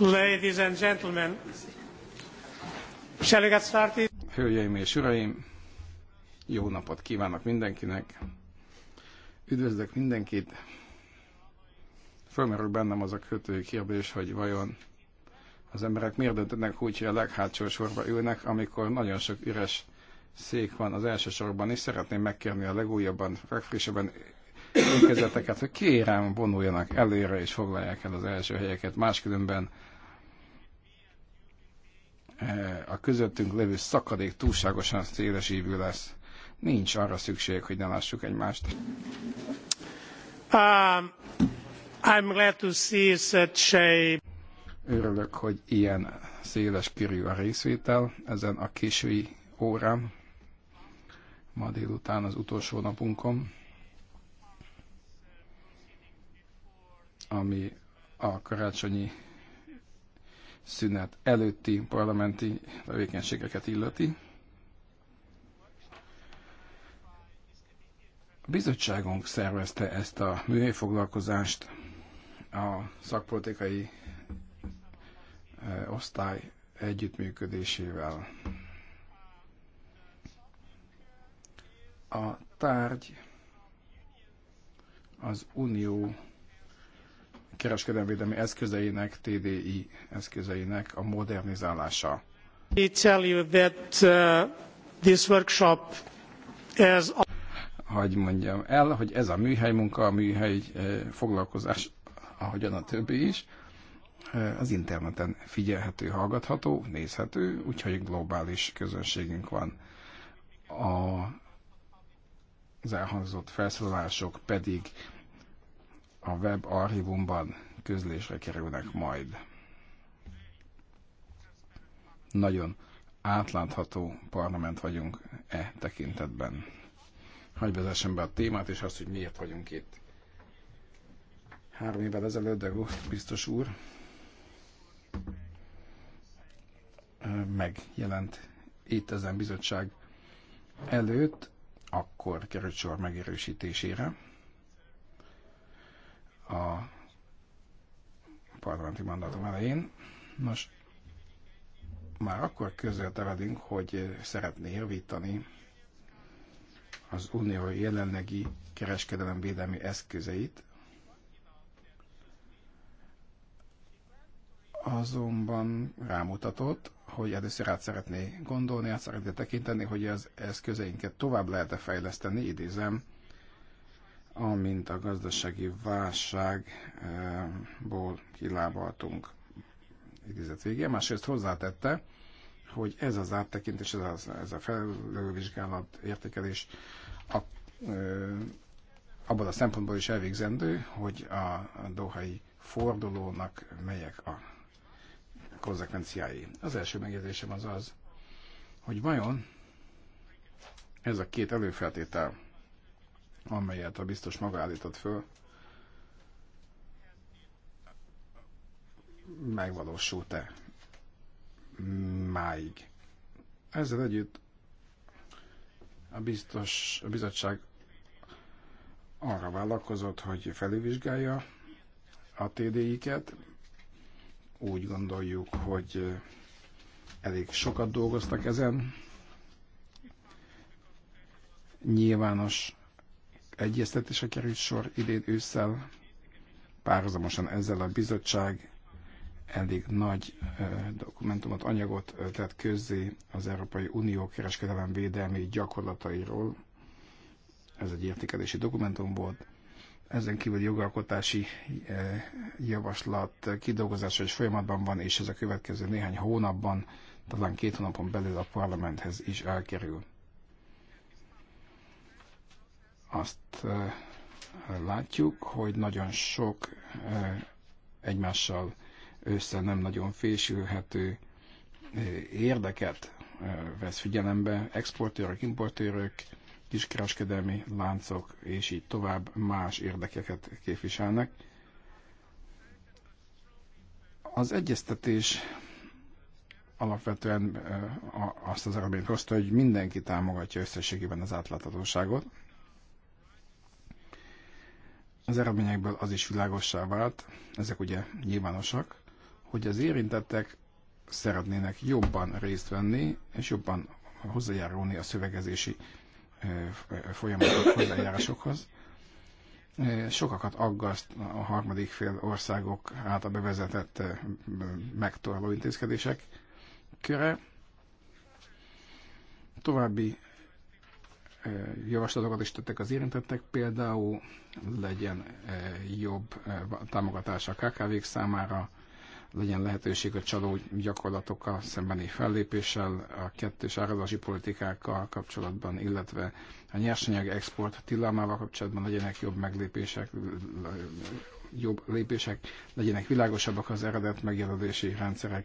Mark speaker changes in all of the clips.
Speaker 1: Ladies and gentlemen, shall we get started?
Speaker 2: Hölgyeim és uraim, jó napot kívánok mindenkinek. Üdvözlök mindenkit. Fölmerül bennem az a kötői kérdés, hogy vajon az emberek miért döntenek úgy, hogy a leghátsó sorba ülnek, amikor nagyon sok üres szék van az első sorban, és szeretném megkérni a legújabban, legfrissebben érkezeteket, hogy kérem vonuljanak előre és foglalják el az első helyeket, máskülönben Eh, a közöttünk levő szakadék túlságosan szélesívű lesz. Nincs arra szükség, hogy ne lássuk egymást.
Speaker 1: Um, I'm glad to see such a...
Speaker 2: Örülök, hogy ilyen széles körű a részvétel ezen a késői órán, ma délután az utolsó napunkon, ami a karácsonyi szünet előtti parlamenti tevékenységeket illeti. A bizottságunk szervezte ezt a műhely foglalkozást a szakpolitikai osztály együttműködésével. A tárgy az unió kereskedelmi eszközeinek, TDI eszközeinek a modernizálása.
Speaker 1: I tell you that uh, this workshop is... Hogy mondjam el, hogy
Speaker 2: ez a műhely munka, a műhely eh, foglalkozás, ahogyan a többi is, eh, az interneten figyelhető, hallgatható, nézhető, úgyhogy globális közönségünk van. A, az elhangzott felszólalások pedig a web archívumban közlésre kerülnek majd. Nagyon átlátható parlament vagyunk e tekintetben. Hagy vezessem be a témát, és azt, hogy miért vagyunk itt. Három évvel ezelőtt, de biztos úr, megjelent itt ezen bizottság előtt, akkor került sor megerősítésére a parlamenti mandátum elején. Nos, már akkor közölte velünk, hogy szeretné javítani az unió jelenlegi kereskedelemvédelmi eszközeit, azonban rámutatott, hogy először át szeretné gondolni, át szeretné tekinteni, hogy az eszközeinket tovább lehet-e fejleszteni, idézem, amint a gazdasági válságból kilábaltunk idézet végén. Másrészt hozzátette, hogy ez az áttekintés, ez a, ez a felülvizsgálat, értékelés a, ö, abban a szempontból is elvégzendő, hogy a dohai fordulónak melyek a konzekvenciái. Az első megjegyzésem az az, hogy vajon ez a két előfeltétel, amelyet a biztos maga állított föl, megvalósult-e máig. Ezzel együtt a, biztos, a bizottság arra vállalkozott, hogy felülvizsgálja a TDI-ket. Úgy gondoljuk, hogy elég sokat dolgoztak ezen. Nyilvános egyeztetése került sor idén ősszel. Párhuzamosan ezzel a bizottság elég nagy dokumentumot, anyagot tett közzé az Európai Unió kereskedelem védelmi gyakorlatairól. Ez egy értékelési dokumentum volt. Ezen kívül jogalkotási javaslat kidolgozása is folyamatban van, és ez a következő néhány hónapban, talán két hónapon belül a parlamenthez is elkerül azt látjuk, hogy nagyon sok egymással össze nem nagyon fésülhető érdeket vesz figyelembe, exportőrök, importőrök, kiskereskedelmi láncok, és így tovább más érdekeket képviselnek. Az egyeztetés alapvetően azt az eredményt hozta, hogy mindenki támogatja összességében az átláthatóságot, az eredményekből az is világossá vált, ezek ugye nyilvánosak, hogy az érintettek szeretnének jobban részt venni, és jobban hozzájárulni a szövegezési folyamatok hozzájárásokhoz. Sokakat aggaszt a harmadik fél országok által bevezetett megtorló intézkedések köre. További javaslatokat is tettek az érintettek, például legyen jobb támogatása a KKV-k számára, legyen lehetőség a csaló gyakorlatokkal szembeni fellépéssel, a kettős árazási politikákkal kapcsolatban, illetve a nyersanyag export tilalmával kapcsolatban legyenek jobb meglépések, jobb lépések, legyenek világosabbak az eredet megjelölési rendszerek,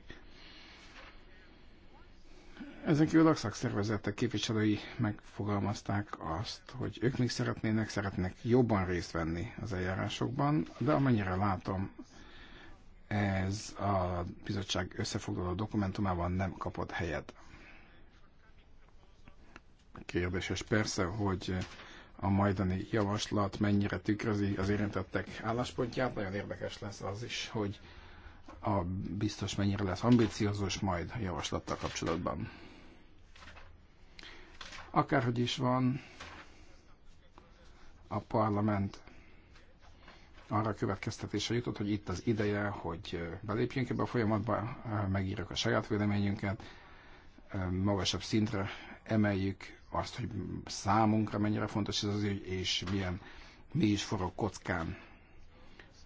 Speaker 2: ezen kívül a szakszervezetek képviselői megfogalmazták azt, hogy ők még szeretnének, szeretnek jobban részt venni az eljárásokban, de amennyire látom, ez a bizottság összefoglaló dokumentumában nem kapott helyet. Kérdéses persze, hogy a majdani javaslat mennyire tükrözi az érintettek álláspontját. Nagyon érdekes lesz az is, hogy a biztos mennyire lesz ambiciózus majd a javaslattal kapcsolatban. Akárhogy is van, a parlament arra következtetése jutott, hogy itt az ideje, hogy belépjünk ebbe a folyamatba, megírjuk a saját véleményünket, magasabb szintre emeljük azt, hogy számunkra mennyire fontos ez az ügy, és milyen mi is forog kockán.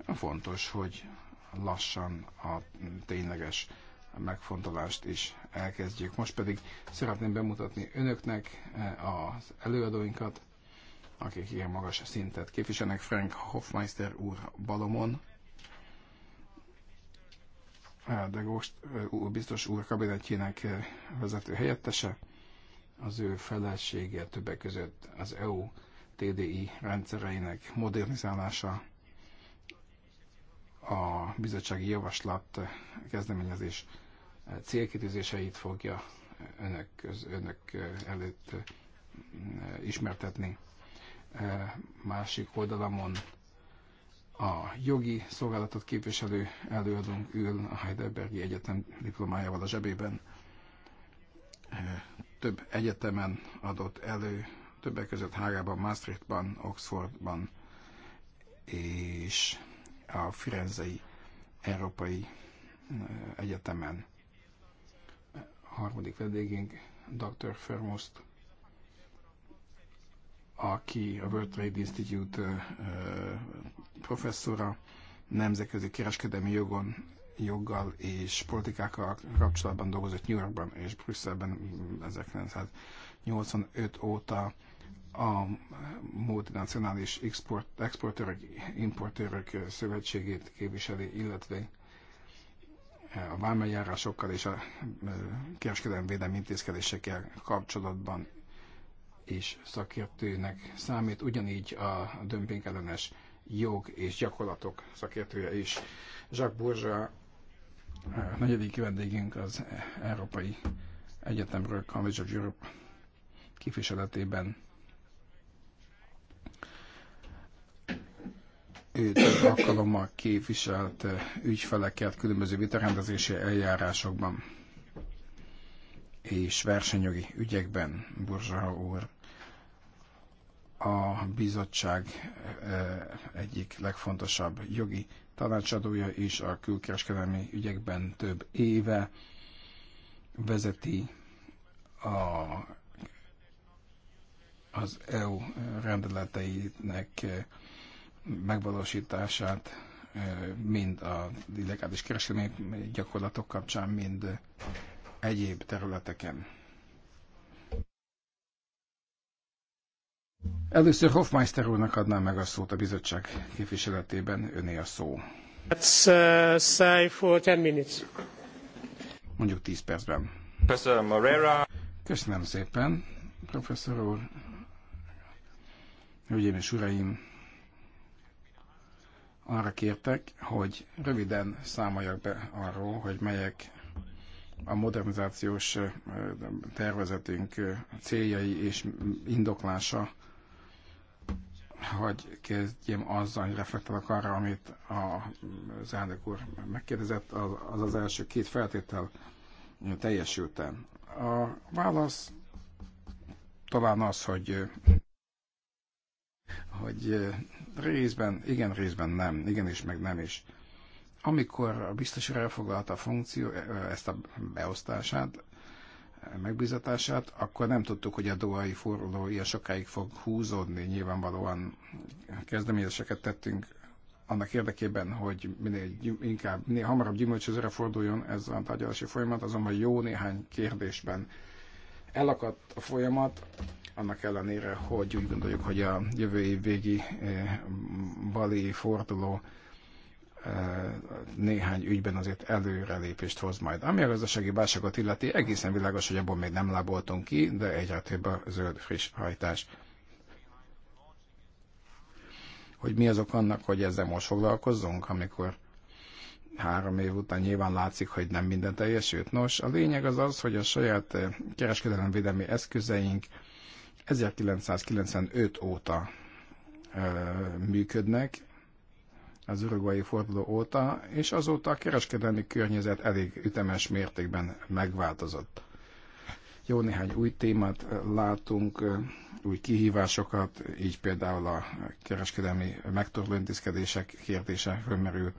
Speaker 2: Fontos, hogy lassan a tényleges megfontolást is elkezdjük. Most pedig szeretném bemutatni önöknek eh, az előadóinkat, akik ilyen magas szintet képviselnek. Frank Hofmeister úr Balomon, eh, de Gost eh, úr, biztos úr kabinetjének vezető helyettese, az ő felelőssége többek között az EU TDI rendszereinek modernizálása, a bizottsági javaslat kezdeményezés célkitűzéseit fogja önök, köz, önök előtt ismertetni. Másik oldalamon a jogi szolgálatot képviselő előadónk ül a Heidelbergi Egyetem diplomájával a zsebében. Több egyetemen adott elő, többek között Hágában, Maastrichtban, Oxfordban és a Firenzei Európai Egyetemen harmadik vendégünk Dr. Fermost, aki a World Trade Institute professzora, nemzetközi kereskedelmi jogon, joggal és politikákkal kapcsolatban dolgozott New Yorkban és Brüsszelben 1985 óta a multinacionális export, exportőrök, importőrök szövetségét képviseli, illetve a vámeljárásokkal és a kereskedelmi védelmi intézkedésekkel kapcsolatban is szakértőnek számít, ugyanígy a dömping ellenes jog és gyakorlatok szakértője is. Jacques Bourgeois, a negyedik vendégünk az Európai Egyetemről, College of Europe képviseletében több alkalommal képviselt eh, ügyfeleket különböző vitarendezési eljárásokban és versenyjogi ügyekben, Burzsa úr a bizottság eh, egyik legfontosabb jogi tanácsadója és a külkereskedelmi ügyekben több éve vezeti a, az EU rendeleteinek eh, megvalósítását mind a illegális kereskedelmi gyakorlatok kapcsán, mind egyéb területeken. Először Hofmeister úrnak adnám meg a szót a bizottság képviseletében, öné a szó.
Speaker 1: Let's uh, say for 10 minutes.
Speaker 2: Mondjuk 10 percben.
Speaker 1: Professor Morera.
Speaker 2: Köszönöm szépen, professzor úr. Hölgyeim és uraim, arra kértek, hogy röviden számoljak be arról, hogy melyek a modernizációs tervezetünk céljai és indoklása, hogy kezdjem azzal, hogy reflektálok arra, amit az elnök úr megkérdezett, az az első két feltétel teljesülten. A válasz talán az, hogy hogy részben, igen, részben nem, igen is meg nem is. Amikor a biztos elfoglalta a funkció, ezt a beosztását, megbizatását, akkor nem tudtuk, hogy a doai forduló ilyen sokáig fog húzódni. Nyilvánvalóan kezdeményezéseket tettünk annak érdekében, hogy minél inkább, minél hamarabb gyümölcsözőre forduljon ez a tárgyalási folyamat, azonban jó néhány kérdésben Elakadt a folyamat, annak ellenére, hogy úgy gondoljuk, hogy a jövő év végi eh, bali forduló eh, néhány ügyben azért előrelépést hoz majd. Ami a gazdasági válságot illeti, egészen világos, hogy abból még nem láboltunk ki, de egyre több a zöld friss hajtás. Hogy mi azok annak, hogy ezzel most foglalkozzunk, amikor három év után nyilván látszik, hogy nem minden teljesült. Nos, a lényeg az az, hogy a saját eh, kereskedelemvédelmi eszközeink 1995 óta eh, működnek, az uruguayi forduló óta, és azóta a kereskedelmi környezet elég ütemes mértékben megváltozott. Jó néhány új témát eh, látunk, új kihívásokat, így például a kereskedelmi megtorló intézkedések kérdése fölmerül,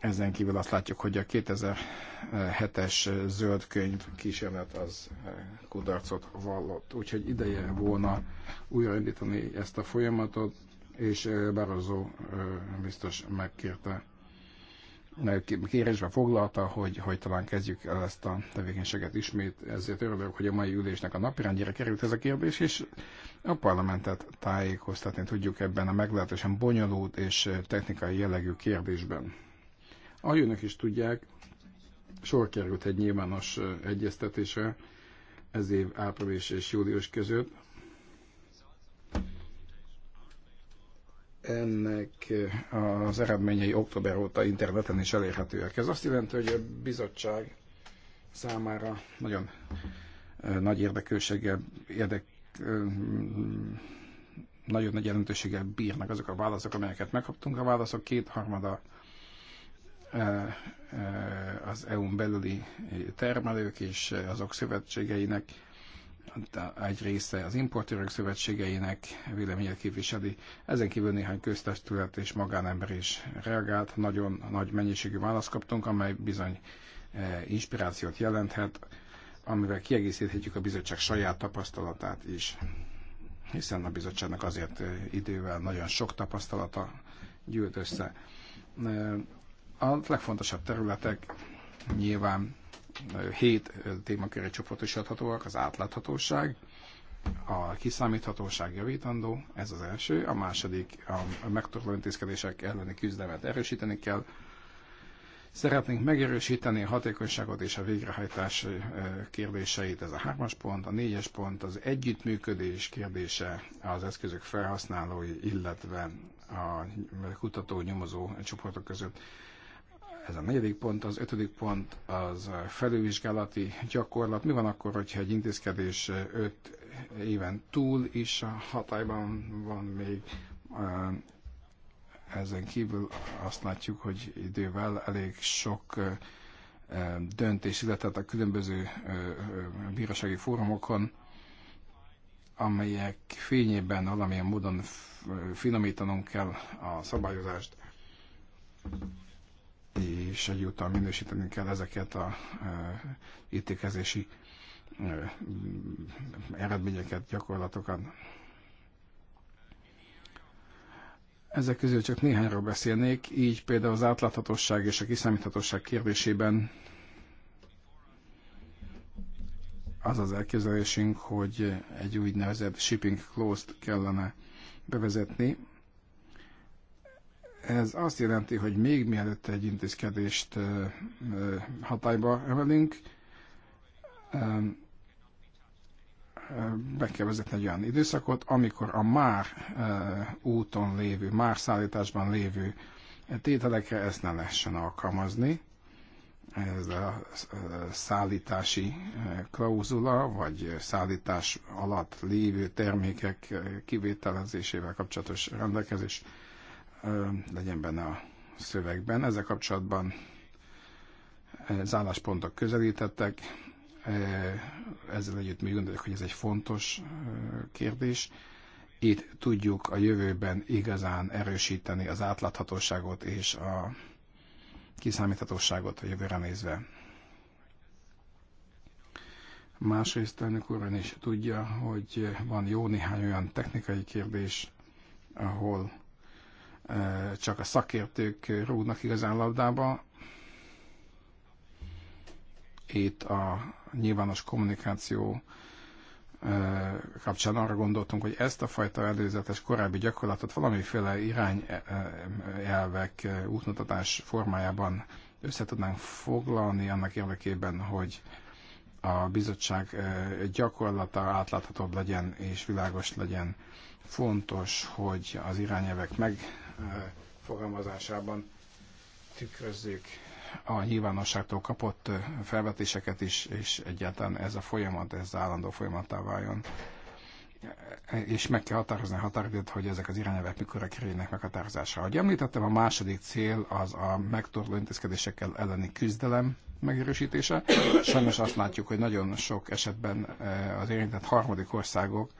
Speaker 2: ezen kívül azt látjuk, hogy a 2007-es zöld könyv kísérlet az eh, kudarcot vallott. Úgyhogy ideje volna újraindítani ezt a folyamatot, és eh, Barozó eh, biztos megkérte, kérésbe foglalta, hogy, hogy talán kezdjük el ezt a tevékenységet ismét. Ezért örülök, hogy a mai ülésnek a napirendjére került ez a kérdés, és a parlamentet tájékoztatni tudjuk ebben a meglehetősen bonyolult és technikai jellegű kérdésben. A jönök is tudják, sor került egy nyilvános egyeztetésre ez év április és július között. Ennek az eredményei október óta interneten is elérhetőek. Ez azt jelenti, hogy a bizottság számára nagyon nagy érdekőséggel, érdek, nagyon nagy jelentőséggel bírnak azok a válaszok, amelyeket megkaptunk. A válaszok kétharmada az EU-n belüli termelők és azok szövetségeinek, egy része az importőrök szövetségeinek véleményét képviseli. Ezen kívül néhány köztestület és magánember is reagált. Nagyon nagy mennyiségű választ kaptunk, amely bizony inspirációt jelenthet, amivel kiegészíthetjük a bizottság saját tapasztalatát is, hiszen a bizottságnak azért idővel nagyon sok tapasztalata gyűlt össze a legfontosabb területek nyilván hét témaköré csoportosíthatóak, az átláthatóság, a kiszámíthatóság javítandó, ez az első. A második, a megtorló intézkedések elleni küzdelmet erősíteni kell. Szeretnénk megerősíteni a hatékonyságot és a végrehajtás kérdéseit, ez a hármas pont. A négyes pont az együttműködés kérdése az eszközök felhasználói, illetve a kutató-nyomozó csoportok között ez a negyedik pont, az ötödik pont az eh, felülvizsgálati gyakorlat. Mi van akkor, hogyha egy intézkedés eh, öt éven túl is a hatályban van még? Eh, ezen kívül azt látjuk, hogy idővel elég sok döntés született a különböző bírósági fórumokon, amelyek fényében valamilyen módon finomítanunk kell a szabályozást és egyúttal minősíteni kell ezeket a értékezési e, e, eredményeket, gyakorlatokat. Ezek közül csak néhányról beszélnék, így például az átláthatóság és a kiszámíthatóság kérdésében az az elképzelésünk, hogy egy úgynevezett shipping closed kellene bevezetni, ez azt jelenti, hogy még mielőtt egy intézkedést hatályba emelünk, be kell vezetni egy olyan időszakot, amikor a már úton lévő, már szállításban lévő tételekre ezt ne lehessen alkalmazni. Ez a szállítási klauzula, vagy szállítás alatt lévő termékek kivételezésével kapcsolatos rendelkezés legyen benne a szövegben. Ezzel kapcsolatban az álláspontok közelítettek, ezzel együtt mi gondoljuk, hogy ez egy fontos kérdés. Itt tudjuk a jövőben igazán erősíteni az átláthatóságot és a kiszámíthatóságot a jövőre nézve. Másrészt elnök úr is tudja, hogy van jó néhány olyan technikai kérdés, ahol csak a szakértők rúgnak igazán labdába. Itt a nyilvános kommunikáció kapcsán arra gondoltunk, hogy ezt a fajta előzetes korábbi gyakorlatot valamiféle irányelvek, útmutatás formájában össze tudnánk foglalni annak érdekében, hogy a bizottság gyakorlata átláthatóbb legyen és világos legyen. Fontos, hogy az irányelvek meg Eh, fogalmazásában tükrözzük a nyilvánosságtól kapott eh, felvetéseket is, és egyáltalán ez a folyamat, ez állandó folyamattá váljon. Eh, és meg kell határozni a határidőt, hogy ezek az irányelvek mikorra kerüljenek meghatározásra. Ahogy említettem, a második cél az a megtorló intézkedésekkel elleni küzdelem megerősítése. Sajnos azt látjuk, hogy nagyon sok esetben az érintett harmadik országok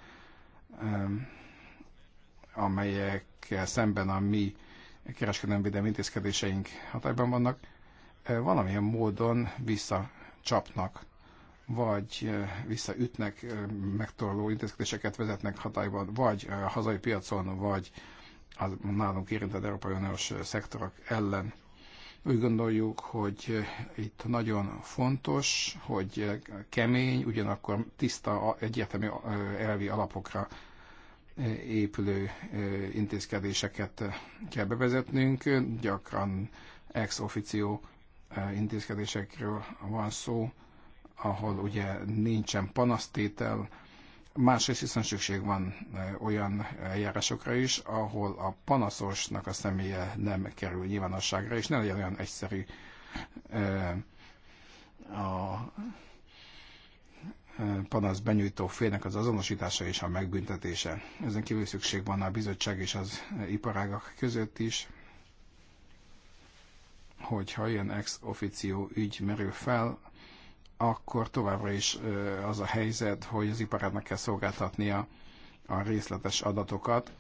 Speaker 2: amelyekkel szemben a mi kereskedelmi intézkedéseink hatályban vannak, valamilyen módon visszacsapnak, vagy visszaütnek, megtorló intézkedéseket vezetnek hatályban, vagy a hazai piacon, vagy a nálunk érintett Európai Uniós szektorok ellen. Úgy gondoljuk, hogy itt nagyon fontos, hogy kemény, ugyanakkor tiszta, egyértelmű elvi alapokra épülő intézkedéseket kell bevezetnünk, gyakran ex officio intézkedésekről van szó, ahol ugye nincsen panasztétel, másrészt viszont szükség van olyan járásokra is, ahol a panaszosnak a személye nem kerül nyilvánosságra, és ne legyen olyan egyszerű a panasz benyújtó félnek az azonosítása és a megbüntetése. Ezen kívül szükség van a bizottság és az iparágak között is, hogyha ilyen ex officio ügy merül fel, akkor továbbra is az a helyzet, hogy az iparágnak kell szolgáltatnia a részletes adatokat.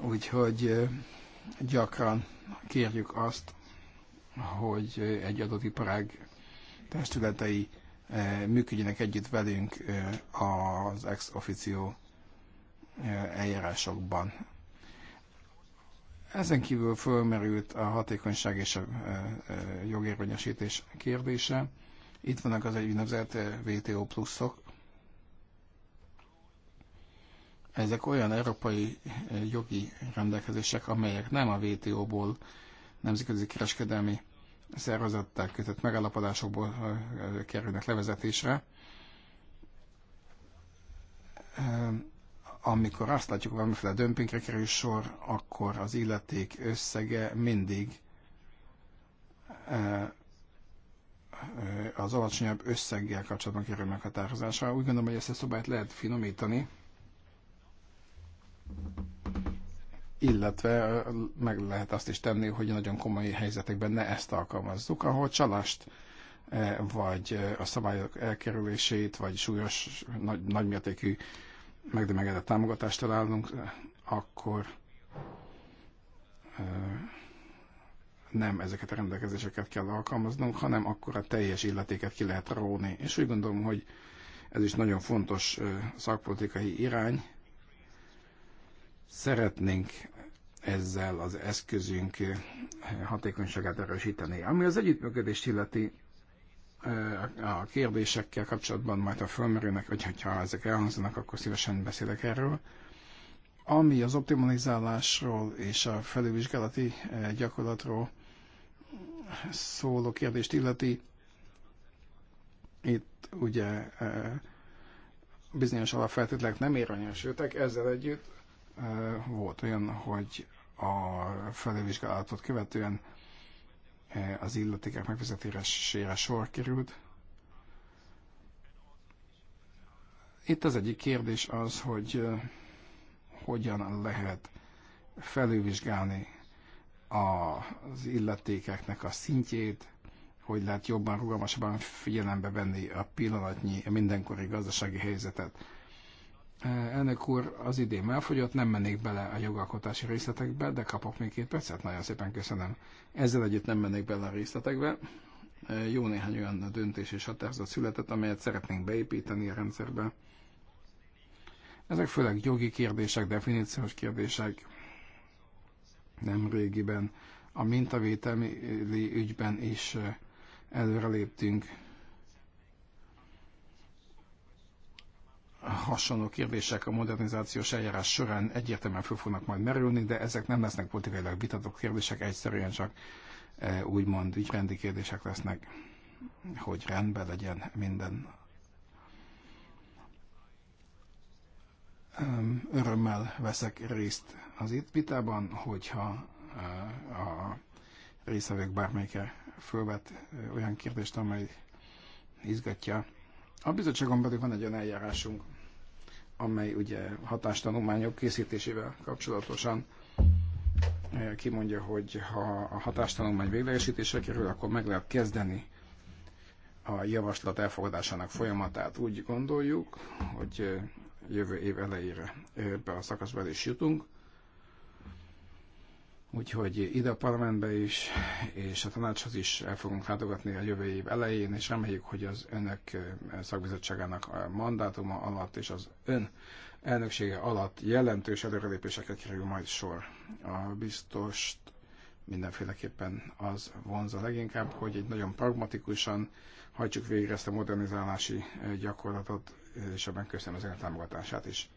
Speaker 2: Úgyhogy gyakran kérjük azt, hogy egy adott iparág testületei eh, működjenek együtt velünk eh, az ex officio eh, eljárásokban. Ezen kívül fölmerült a hatékonyság és a jogérvényesítés kérdése. Itt vannak az úgynevezett VTO pluszok. Ezek olyan európai jogi rendelkezések, amelyek nem a VTO-ból nemzetközi kereskedelmi szervezettel kötött megállapodásokból kerülnek levezetésre, amikor azt látjuk, hogy valamiféle dömpingre kerül sor, akkor az illeték összege mindig az alacsonyabb összeggel kapcsolatban kerül meghatározásra. Úgy gondolom, hogy ezt a szobát lehet finomítani illetve meg lehet azt is tenni, hogy nagyon komoly helyzetekben ne ezt alkalmazzuk, ahol csalást e, vagy a szabályok elkerülését, vagy súlyos, nagy, nagymértékű megdemegedett támogatást találunk, akkor nem ezeket a rendelkezéseket kell alkalmaznunk, hanem akkor a teljes illetéket ki lehet róni. És úgy gondolom, hogy ez is nagyon fontos szakpolitikai irány, Szeretnénk ezzel az eszközünk hatékonyságát erősíteni. Ami az együttműködést illeti, a kérdésekkel kapcsolatban majd a fölmerülnek, vagy hogyha ezek elhangzanak, akkor szívesen beszélek erről. Ami az optimalizálásról és a felülvizsgálati gyakorlatról szóló kérdést illeti, itt ugye bizonyos alapfeltételek nem érvényesültek, ezzel együtt volt olyan, hogy a felővizsgálatot követően az illetékek megfizetésére sor került. Itt az egyik kérdés az, hogy hogyan lehet felülvizsgálni az illetékeknek a szintjét, hogy lehet jobban, rugalmasabban figyelembe venni a pillanatnyi, a mindenkori gazdasági helyzetet. Elnök úr, az idén elfogyott, nem mennék bele a jogalkotási részletekbe, de kapok még két percet, nagyon szépen köszönöm. Ezzel együtt nem mennék bele a részletekbe. Jó néhány olyan döntés és határozat született, amelyet szeretnénk beépíteni a rendszerbe. Ezek főleg jogi kérdések, definíciós kérdések. Nem régiben a mintavételi ügyben is előreléptünk hasonló kérdések a modernizációs eljárás során egyértelműen föl fognak majd merülni, de ezek nem lesznek politikailag vitatott kérdések, egyszerűen csak e, úgymond ügyrendi kérdések lesznek, hogy rendben legyen minden. Örömmel veszek részt az itt vitában, hogyha e, a részevők bármelyike fölvet e, olyan kérdést, amely izgatja. A bizottságon pedig van egy olyan eljárásunk, amely ugye hatástanulmányok készítésével kapcsolatosan eh, kimondja, hogy ha a hatástanulmány véglegesítésre kerül, akkor meg lehet kezdeni a javaslat elfogadásának folyamatát. Úgy gondoljuk, hogy eh, jövő év elejére ebbe a szakaszba is jutunk. Úgyhogy ide a parlamentbe is, és a tanácshoz is el fogunk látogatni a jövő év elején, és reméljük, hogy az önök szakbizottságának a mandátuma alatt és az ön elnöksége alatt jelentős előrelépésekre kerül majd sor. A biztost mindenféleképpen az vonza leginkább, hogy egy nagyon pragmatikusan hajtsuk végre ezt a modernizálási gyakorlatot, és ebben köszönöm az ön támogatását is.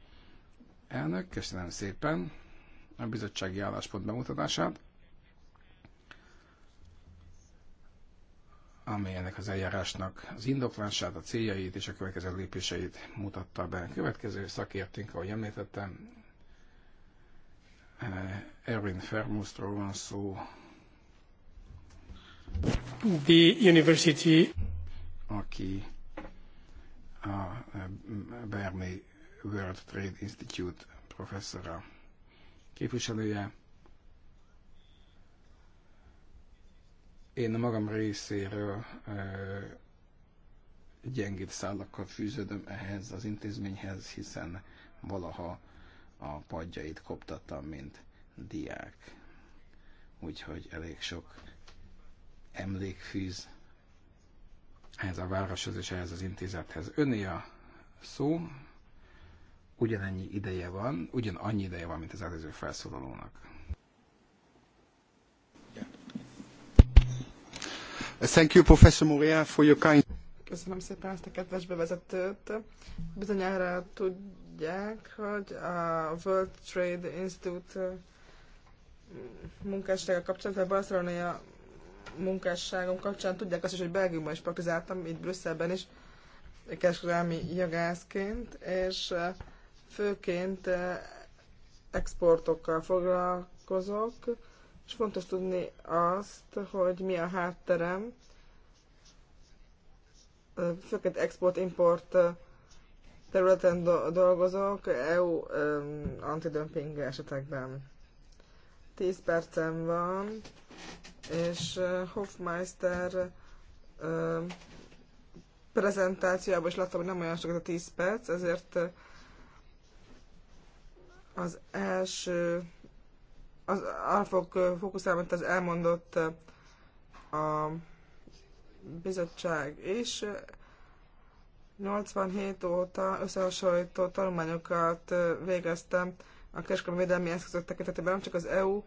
Speaker 2: Elnök, köszönöm szépen! a bizottsági álláspont bemutatását, amely ennek az eljárásnak az indoklását, a céljait és a következő lépéseit mutatta be. A következő szakértünk, ahogy említettem, eh, Erwin Fermusztról van szó.
Speaker 1: The University.
Speaker 2: Aki a eh, Berni World Trade Institute professzora képviselője. Én a magam részéről gyengébb szállakkal fűződöm ehhez az intézményhez, hiszen valaha a padjait koptattam, mint diák. Úgyhogy elég sok emlék fűz ehhez a városhoz és ehhez az intézethez. Öné a szó, ugyanennyi ideje van, ugyanannyi ideje van, mint az előző felszólalónak. Thank you, Professor Moria, for your kind...
Speaker 3: Köszönöm szépen ezt a kedves bevezetőt. Bizonyára tudják, hogy a World Trade Institute mm, munkássága kapcsán, tehát barcelonai a munkásságom kapcsán tudják azt is, hogy Belgiumban is praktizáltam, itt Brüsszelben is, kereskedelmi jogászként, és főként eh, exportokkal foglalkozok, és fontos tudni azt, hogy mi a hátterem, eh, főként export-import eh, területen dolgozok, EU um, antidömping esetekben. 10 percem van, és Hofmeister prezentációjában is láttam, hogy nem olyan sok ez a 10 perc, ezért az első, az, arra fog fókuszálni, amit az elmondott a bizottság, és 87 óta összehasonlító tanulmányokat végeztem a kereskedelmi védelmi eszközök tekintetében, nem csak az EU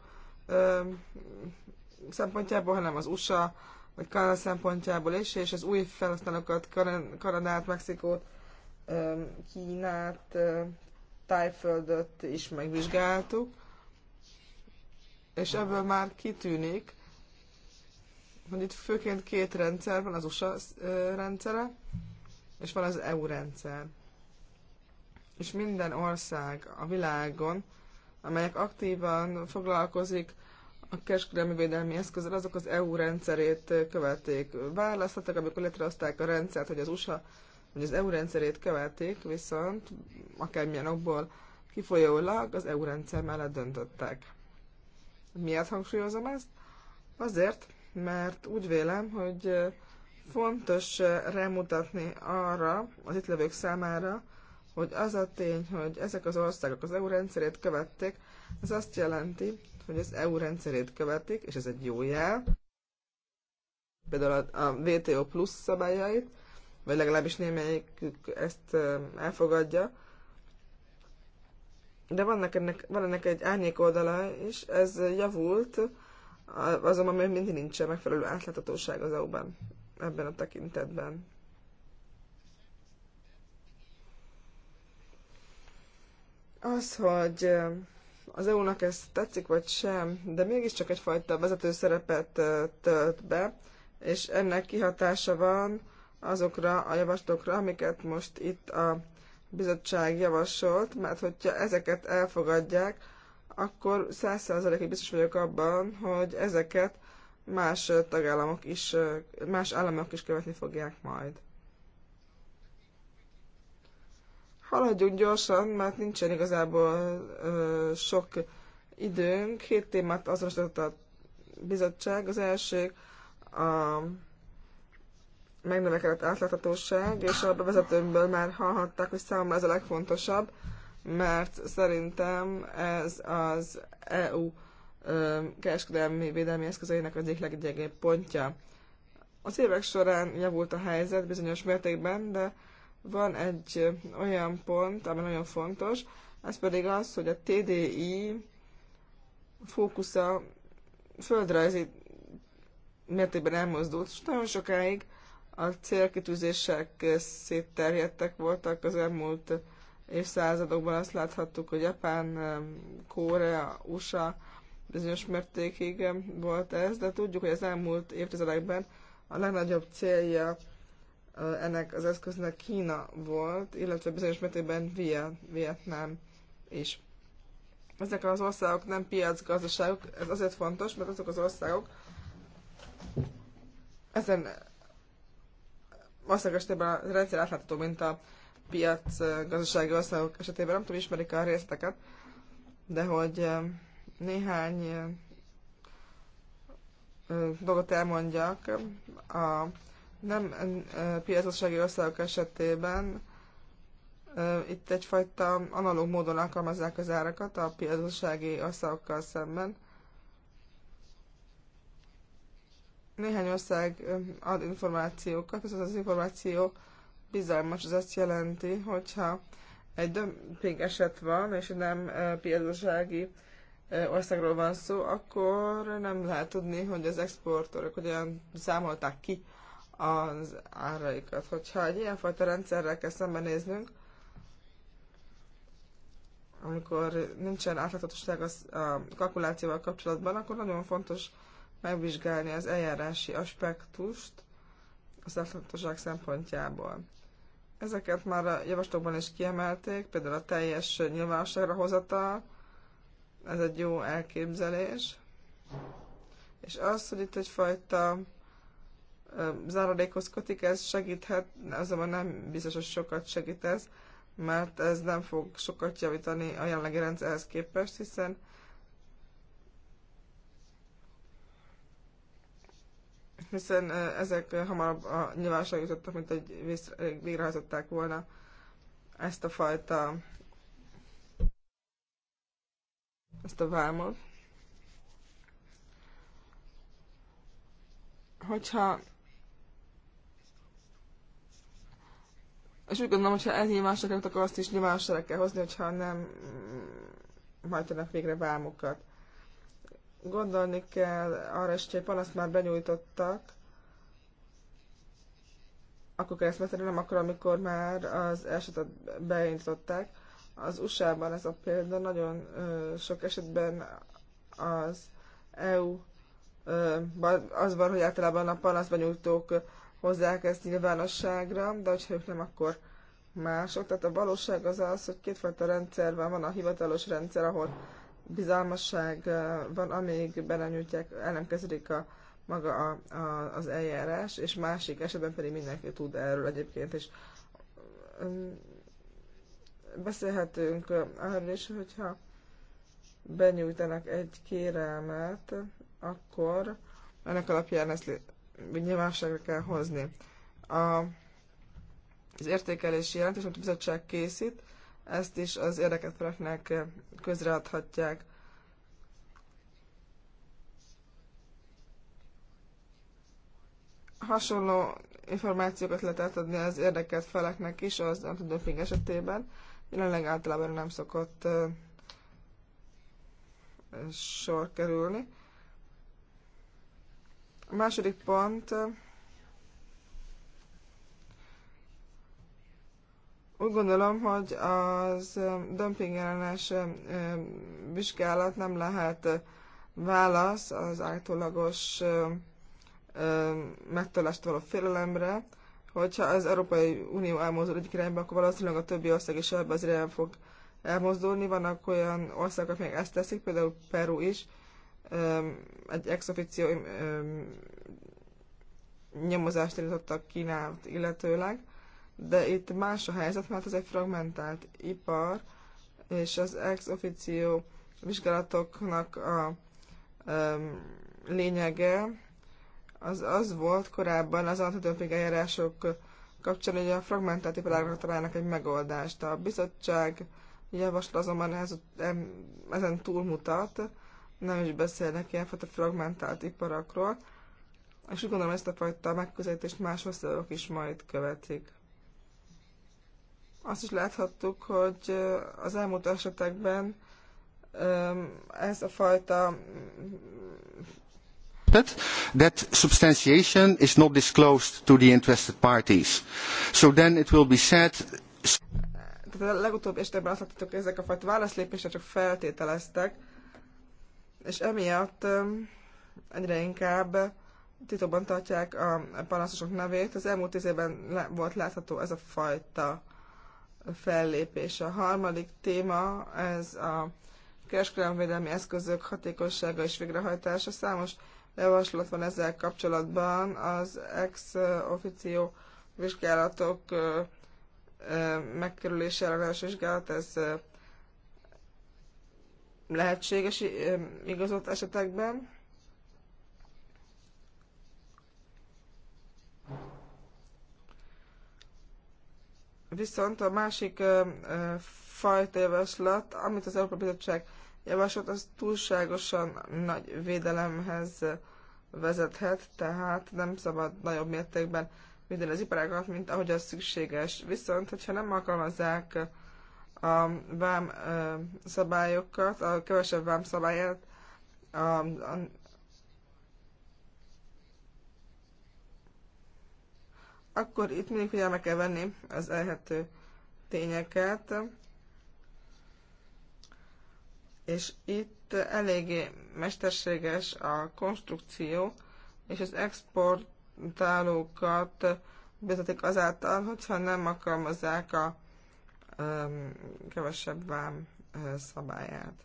Speaker 3: szempontjából, hanem az USA vagy Kanada szempontjából is, és az új felhasználókat, Kanadát, Mexikót, Kínát Tájföldöt is megvizsgáltuk, és ebből már kitűnik, hogy itt főként két rendszer van, az USA rendszere, és van az EU rendszer. És minden ország a világon, amelyek aktívan foglalkozik a kereskedelmi védelmi eszközzel, azok az EU rendszerét követték. Választottak, amikor létrehozták a rendszert, hogy az USA hogy az EU rendszerét követték, viszont akármilyen okból kifolyólag az EU rendszer mellett döntöttek. Miért hangsúlyozom ezt? Azért, mert úgy vélem, hogy fontos rámutatni arra az itt levők számára, hogy az a tény, hogy ezek az országok az EU rendszerét követték, ez azt jelenti, hogy az EU rendszerét követik, és ez egy jó jel, például a WTO plusz szabályait, vagy legalábbis némelyikük ezt elfogadja. De vannak ennek, van ennek egy árnyék oldala is, ez javult, azonban még mindig nincsen megfelelő átláthatóság az EU-ban ebben a tekintetben. Az, hogy az EU-nak ez tetszik vagy sem, de mégiscsak egyfajta vezető szerepet tölt be, és ennek kihatása van azokra a javaslatokra, amiket most itt a bizottság javasolt, mert hogyha ezeket elfogadják, akkor százszerzalékig biztos vagyok abban, hogy ezeket más tagállamok is, más államok is követni fogják majd. Haladjunk gyorsan, mert nincsen igazából ö, sok időnk. Hét témát azonosított a bizottság. Az első a megnövekedett átláthatóság, és a bevezetőmből már hallhatták, hogy számomra ez a legfontosabb, mert szerintem ez az EU kereskedelmi védelmi eszközeinek egyik leggyengébb pontja. Az évek során javult a helyzet bizonyos mértékben, de van egy olyan pont, ami nagyon fontos, ez pedig az, hogy a TDI fókusza földrajzi mértékben elmozdult, és nagyon sokáig a célkitűzések szétterjedtek voltak az elmúlt évszázadokban. Azt láthattuk, hogy Japán, Korea, USA bizonyos mértékig volt ez, de tudjuk, hogy az elmúlt évtizedekben a legnagyobb célja ennek az eszköznek Kína volt, illetve bizonyos mértékben Vietnám is. Ezek az országok nem piacgazdaságok, ez azért fontos, mert azok az országok ezen országok esetében a rendszer átlátható, mint a piac gazdasági országok esetében. Nem tudom, ismerik a részteket, de hogy néhány dolgot elmondjak. A nem gazdasági országok esetében itt egyfajta analóg módon alkalmazzák az árakat a gazdasági országokkal szemben. Néhány ország ad információkat, viszont az információ bizalmas, az azt jelenti, hogyha egy dömping eset van, és nem piacgazdasági országról van szó, akkor nem lehet tudni, hogy az exportőrök hogyan számolták ki az áraikat. Hogyha egy ilyenfajta rendszerrel kell szembenéznünk, amikor nincsen átláthatóság a kalkulációval kapcsolatban, akkor nagyon fontos megvizsgálni az eljárási aspektust az szertartóság szempontjából. Ezeket már a javaslatokban is kiemelték, például a teljes nyilvánosságra hozatal, ez egy jó elképzelés. És az, hogy itt egyfajta záradékhoz kötik, ez segíthet, azonban nem biztos, hogy sokat segít ez, mert ez nem fog sokat javítani a jelenlegi rendszerhez képest, hiszen hiszen ezek hamarabb a nyilvánosság jutottak, mint hogy végrehajtották volna ezt a fajta ezt a vámot. Hogyha és úgy gondolom, hogyha ez nyilvánosságra akkor azt is nyilvánosra kell hozni, hogyha nem mm, hajtanak végre vámokat. Gondolni kell arra is, hogy panaszt már benyújtottak, akkor kell ezt megtenni, nem akkor, amikor már az esetet beindították. Az USA-ban ez a példa nagyon ö, sok esetben az EU ö, az van, hogy általában a nyújtók hozzák ezt nyilvánosságra, de hogyha ők nem, akkor mások. Tehát a valóság az az, hogy kétfajta rendszer van, van a hivatalos rendszer, ahol bizalmasság van, amíg belenyújtják, el nem kezdődik a, maga a, a, az eljárás, és másik esetben pedig mindenki tud erről egyébként, és beszélhetünk arról is, hogyha benyújtanak egy kérelmet, akkor ennek alapján ezt nyilvánosságra kell hozni. A, az értékelési jelentés, amit a bizottság készít, ezt is az érdeket feleknek közreadhatják. Hasonló információkat lehet adni az érdekelt feleknek is az antidoping esetében. Jelenleg általában nem szokott sor kerülni. A második pont Úgy gondolom, hogy az um, dumping ellenes um, um, vizsgálat nem lehet uh, válasz az általagos megtolást való félelemre, hogyha az Európai Unió elmozdul egyik irányba, akkor valószínűleg a többi ország is ebbe az irányba fog elmozdulni. Vannak olyan országok, amelyek ezt teszik, például Peru is, egy ex officio nyomozást indítottak Kínát illetőleg de itt más a helyzet, mert ez egy fragmentált ipar, és az ex officio vizsgálatoknak a um, lényege az az volt korábban az antitömping eljárások kapcsán, hogy a fragmentált iparágnak találnak egy megoldást. A bizottság javaslat azonban ez, ezen túlmutat, nem is beszélnek ilyenfajta fragmentált iparakról, és úgy gondolom ezt a fajta megközelítést más országok is majd követik. Azt is láthattuk, hogy az elmúlt esetekben ez a fajta
Speaker 2: that substantiation is not disclosed to the interested parties.
Speaker 3: So then it will be said tehát a legutóbb esetben azt láthattuk, hogy ezek a fajta válaszlépések csak feltételeztek, és emiatt egyre inkább titokban tartják a panaszosok nevét. Az elmúlt tíz évben volt látható ez a fajta fellépés. A harmadik téma, ez a kereskedelmi eszközök hatékonysága és végrehajtása. Számos javaslat van ezzel kapcsolatban. Az ex officio vizsgálatok megkerülésére a vizsgálat, ez lehetséges igazolt esetekben. Viszont a másik fajta javaslat, amit az Európai Bizottság javasolt, az túlságosan nagy védelemhez vezethet, tehát nem szabad nagyobb mértékben védeni az iparágat, mint ahogy az szükséges. Viszont, hogyha nem alkalmazzák a vám szabályokat, a kevesebb vám szabályát, a, a akkor itt mindig figyelme kell venni az elhető tényeket, és itt eléggé mesterséges a konstrukció, és az exportálókat vezetik azáltal, hogyha nem alkalmazzák a um, kevesebb vám szabályát.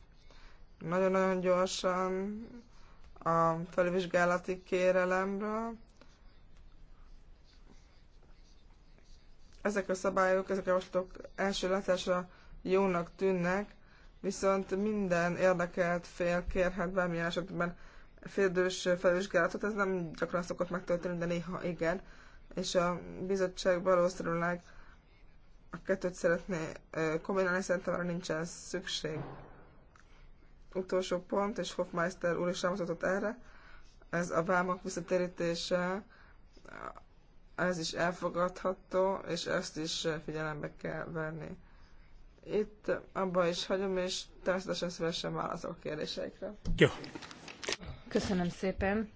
Speaker 3: Nagyon-nagyon gyorsan a felvizsgálati kérelemről ezek a szabályok, ezek a javaslatok első látásra jónak tűnnek, viszont minden érdekelt fél kérhet bármilyen esetben félidős felvizsgálatot, ez nem gyakran szokott megtörténni, de néha igen, és a bizottság valószínűleg a kettőt szeretné kombinálni, szerintem arra nincsen szükség. Utolsó pont, és Hofmeister úr is rámutatott erre, ez a vámok visszatérítése ez is elfogadható, és ezt is figyelembe kell venni. Itt abban is hagyom, és természetesen szívesen válaszolok kérdéseikre.
Speaker 4: Jó. Köszönöm szépen.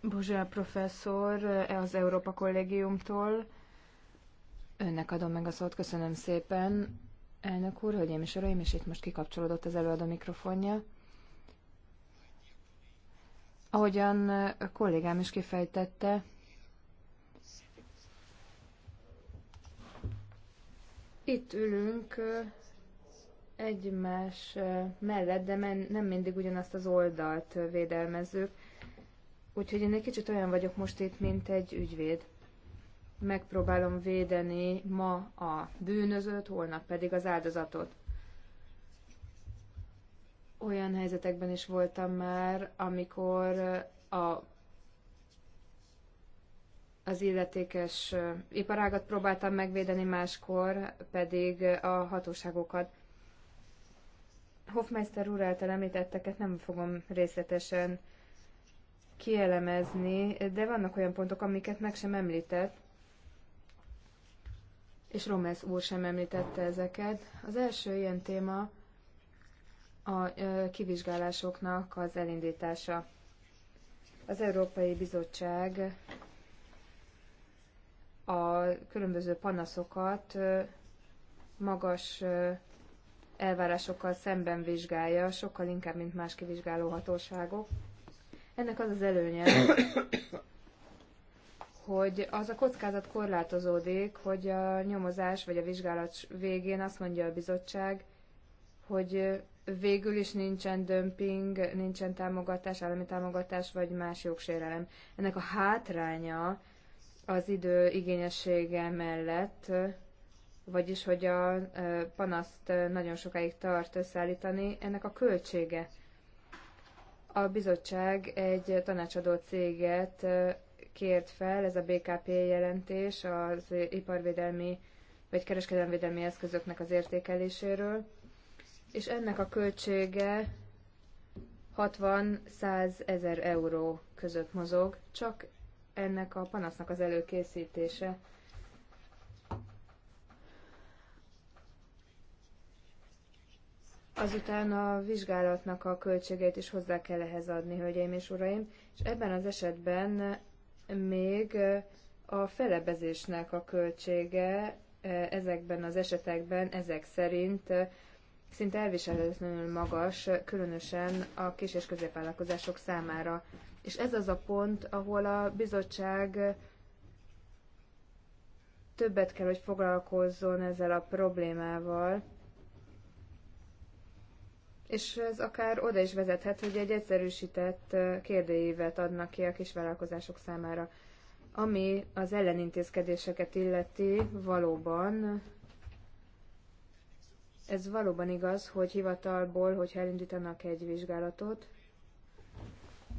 Speaker 4: Bozsá professzor e az Európa Kollégiumtól. Önnek adom meg a szót, köszönöm szépen. Elnök úr, hölgyeim és uraim, és itt most kikapcsolódott az előadó mikrofonja. Ahogyan a kollégám is kifejtette, itt ülünk egymás mellett, de nem mindig ugyanazt az oldalt védelmezzük. Úgyhogy én egy kicsit olyan vagyok most itt, mint egy ügyvéd. Megpróbálom védeni ma a bűnözőt, holnap pedig az áldozatot olyan helyzetekben is voltam már, amikor a, az illetékes iparágat próbáltam megvédeni, máskor pedig a hatóságokat. Hofmeister úr által említetteket nem fogom részletesen kielemezni, de vannak olyan pontok, amiket meg sem említett, és Romesz úr sem említette ezeket. Az első ilyen téma, a kivizsgálásoknak az elindítása. Az Európai Bizottság a különböző panaszokat magas elvárásokkal szemben vizsgálja, sokkal inkább, mint más kivizsgáló hatóságok. Ennek az az előnye, hogy az a kockázat korlátozódik, hogy a nyomozás vagy a vizsgálat végén azt mondja a bizottság, hogy végül is nincsen dömping, nincsen támogatás, állami támogatás vagy más jogsérelem. Ennek a hátránya az idő igényessége mellett, vagyis hogy a panaszt nagyon sokáig tart összeállítani, ennek a költsége. A bizottság egy tanácsadó céget kért fel, ez a BKP jelentés az iparvédelmi vagy kereskedelmi eszközöknek az értékeléséről és ennek a költsége 60-100 ezer euró között mozog, csak ennek a panasznak az előkészítése. Azután a vizsgálatnak a költségeit is hozzá kell ehhez adni, hölgyeim és uraim, és ebben az esetben még a felebezésnek a költsége eh, ezekben az esetekben ezek szerint szinte elviselhetetlenül magas, különösen a kis- és középvállalkozások számára. És ez az a pont, ahol a bizottság többet kell, hogy foglalkozzon ezzel a problémával, és ez akár oda is vezethet, hogy egy egyszerűsített kérdőívet adnak ki a kisvállalkozások számára. Ami az ellenintézkedéseket illeti, valóban ez valóban igaz, hogy hivatalból, hogyha elindítanak egy vizsgálatot,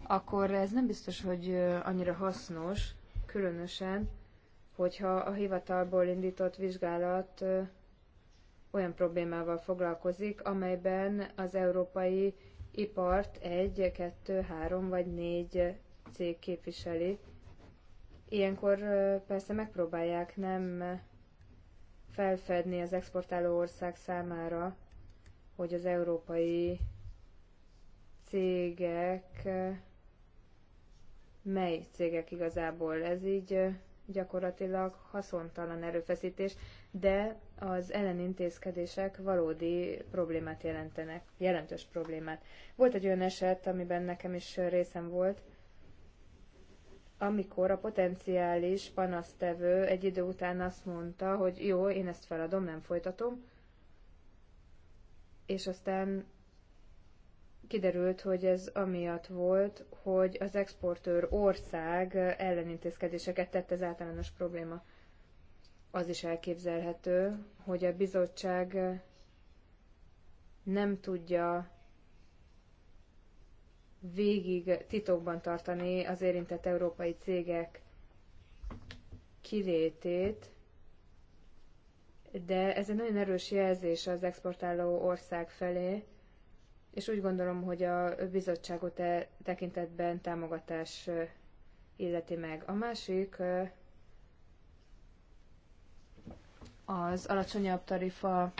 Speaker 4: akkor ez nem biztos, hogy annyira hasznos, különösen, hogyha a hivatalból indított vizsgálat olyan problémával foglalkozik, amelyben az európai ipart egy, kettő, három vagy négy cég képviseli. Ilyenkor persze megpróbálják nem felfedni az exportáló ország számára, hogy az európai cégek, mely cégek igazából. Ez így gyakorlatilag haszontalan erőfeszítés, de az ellenintézkedések valódi problémát jelentenek, jelentős problémát. Volt egy olyan eset, amiben nekem is részem volt, amikor a potenciális panasztevő egy idő után azt mondta, hogy jó, én ezt feladom, nem folytatom, és aztán kiderült, hogy ez amiatt volt, hogy az exportőr ország ellenintézkedéseket tett, ez általános probléma. Az is elképzelhető, hogy a bizottság nem tudja végig titokban tartani az érintett európai cégek kilétét, de ez egy nagyon erős jelzés az exportáló ország felé, és úgy gondolom, hogy a bizottságot e tekintetben támogatás illeti meg. A másik az alacsonyabb tarifa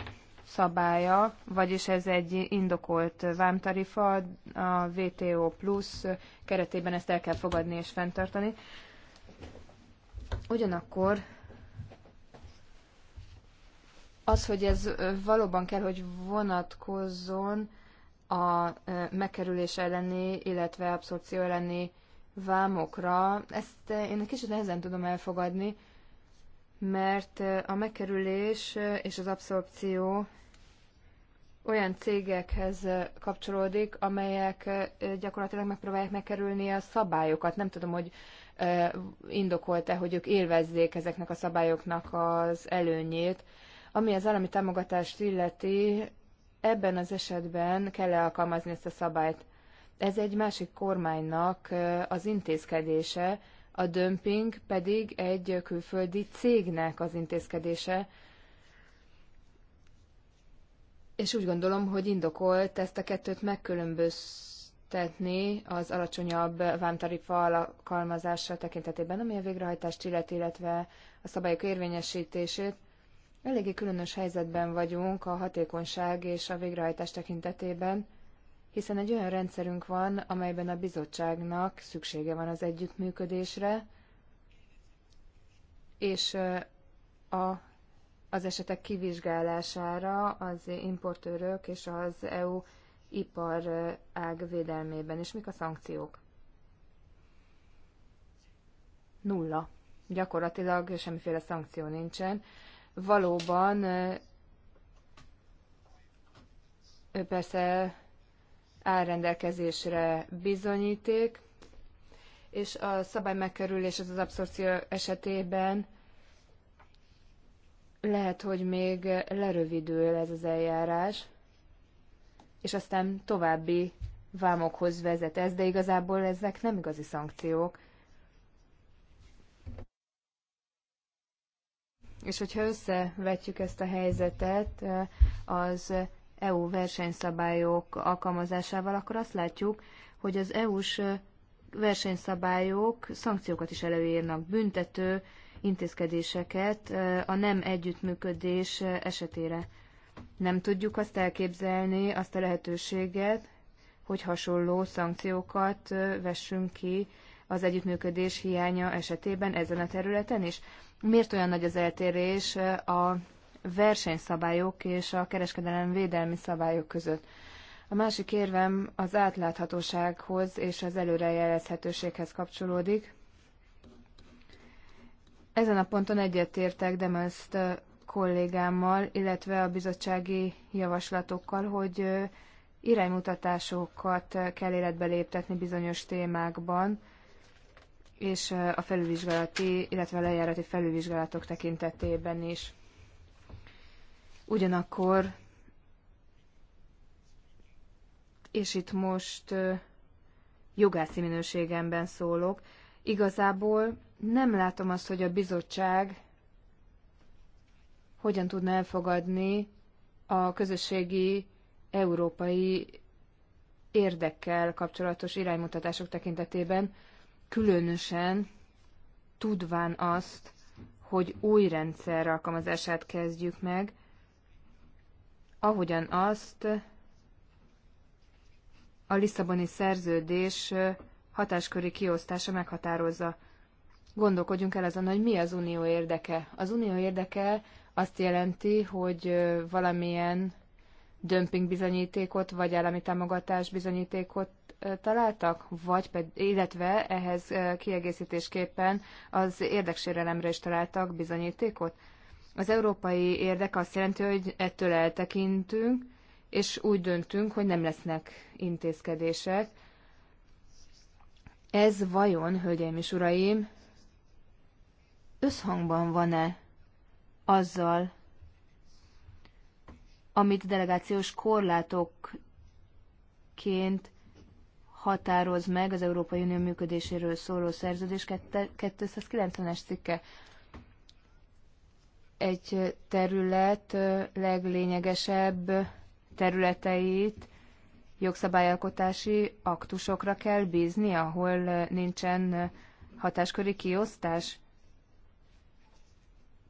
Speaker 4: szabálya, vagyis ez egy indokolt vámtarifa, a VTO Plus keretében ezt el kell fogadni és fenntartani. Ugyanakkor az, hogy ez valóban kell, hogy vonatkozzon a e, megkerülés elleni, illetve abszorció elleni vámokra, ezt e, én kicsit nehezen tudom elfogadni, mert a megkerülés és az abszorpció olyan cégekhez kapcsolódik, amelyek gyakorlatilag megpróbálják megkerülni a szabályokat. Nem tudom, hogy indokolta, hogy ők élvezzék ezeknek a szabályoknak az előnyét. Ami az állami támogatást illeti, ebben az esetben kell -e alkalmazni ezt a szabályt. Ez egy másik kormánynak az intézkedése, a dömping pedig egy külföldi cégnek az intézkedése. És úgy gondolom, hogy indokolt ezt a kettőt megkülönböztetni az alacsonyabb vámtarifa alkalmazása tekintetében, ami a végrehajtást illeti, illetve a szabályok érvényesítését. Eléggé különös helyzetben vagyunk a hatékonyság és a végrehajtás tekintetében hiszen egy olyan rendszerünk van, amelyben a bizottságnak szüksége van az együttműködésre, és a, az esetek kivizsgálására az importőrök és az EU iparág védelmében. És mik a szankciók? Nulla. Gyakorlatilag semmiféle szankció nincsen. Valóban persze áll rendelkezésre bizonyíték, és a szabály megkerülés az abszorció esetében lehet, hogy még lerövidül ez az eljárás, és aztán további vámokhoz vezet ez, de igazából ezek nem igazi szankciók. És hogyha összevetjük ezt a helyzetet az EU versenyszabályok alkalmazásával, akkor azt látjuk, hogy az EU-s versenyszabályok szankciókat is előírnak, büntető intézkedéseket a nem együttműködés esetére. Nem tudjuk azt elképzelni, azt a lehetőséget, hogy hasonló szankciókat vessünk ki az együttműködés hiánya esetében ezen a területen is. Miért olyan nagy az eltérés a versenyszabályok és a kereskedelem védelmi szabályok között. A másik érvem az átláthatósághoz és az előrejelezhetőséghez kapcsolódik. Ezen a ponton egyetértek Demaszt kollégámmal, illetve a bizottsági javaslatokkal, hogy iránymutatásokat kell életbe léptetni bizonyos témákban, és a felülvizsgálati, illetve a lejárati felülvizsgálatok tekintetében is. Ugyanakkor, és itt most jogászi minőségemben szólok, igazából nem látom azt, hogy a bizottság hogyan tudna elfogadni a közösségi európai érdekkel kapcsolatos iránymutatások tekintetében, különösen tudván azt, hogy új rendszer alkalmazását kezdjük meg, ahogyan azt a Lisszaboni szerződés hatásköri kiosztása meghatározza. Gondolkodjunk el azon, hogy mi az unió érdeke. Az unió érdeke azt jelenti, hogy valamilyen dömping bizonyítékot, vagy állami támogatás bizonyítékot találtak, vagy ped, illetve ehhez kiegészítésképpen az érdeksérelemre is találtak bizonyítékot? Az európai érdek azt jelenti, hogy ettől eltekintünk, és úgy döntünk, hogy nem lesznek intézkedések. Ez vajon, hölgyeim és uraim, összhangban van-e azzal, amit delegációs korlátokként határoz meg az Európai Unió működéséről szóló szerződés 290-es cikke egy terület leglényegesebb területeit jogszabályalkotási aktusokra kell bízni, ahol nincsen hatásköri kiosztás?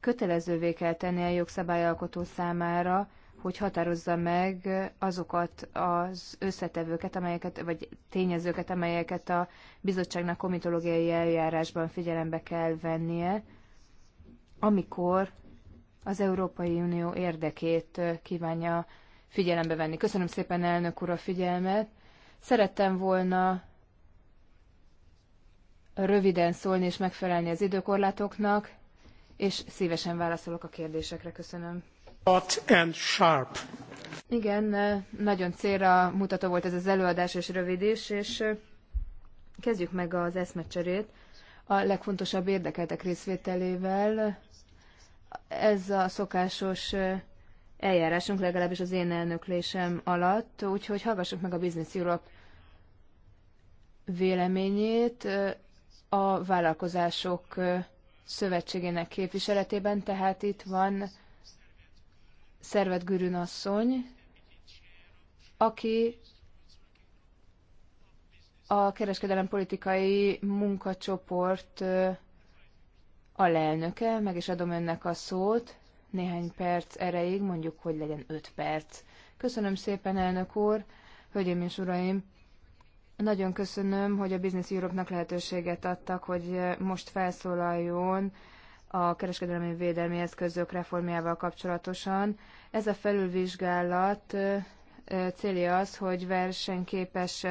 Speaker 4: Kötelezővé kell tenni a jogszabályalkotó számára, hogy határozza meg azokat az összetevőket, amelyeket, vagy tényezőket, amelyeket a bizottságnak komitológiai eljárásban figyelembe kell vennie, amikor az Európai Unió érdekét kívánja figyelembe venni. Köszönöm szépen, elnök úr, a figyelmet. Szerettem volna röviden szólni és megfelelni az időkorlátoknak, és szívesen válaszolok a kérdésekre. Köszönöm.
Speaker 1: Hot and sharp.
Speaker 4: Igen, nagyon célra mutató volt ez az előadás, és rövid is, és kezdjük meg az eszmecserét a legfontosabb érdekeltek részvételével. Ez a szokásos eljárásunk legalábbis az én elnöklésem alatt, úgyhogy hallgassuk meg a Business Europe véleményét a vállalkozások szövetségének képviseletében, tehát itt van Szervet Gürün asszony, aki a kereskedelem politikai munkacsoport lelnöke, meg is adom önnek a szót néhány perc erejéig, mondjuk, hogy legyen öt perc. Köszönöm szépen, elnök úr, hölgyeim és uraim! Nagyon köszönöm, hogy a Business europe lehetőséget adtak, hogy most felszólaljon a kereskedelmi védelmi eszközök reformjával kapcsolatosan. Ez a felülvizsgálat célja az, hogy versenyképes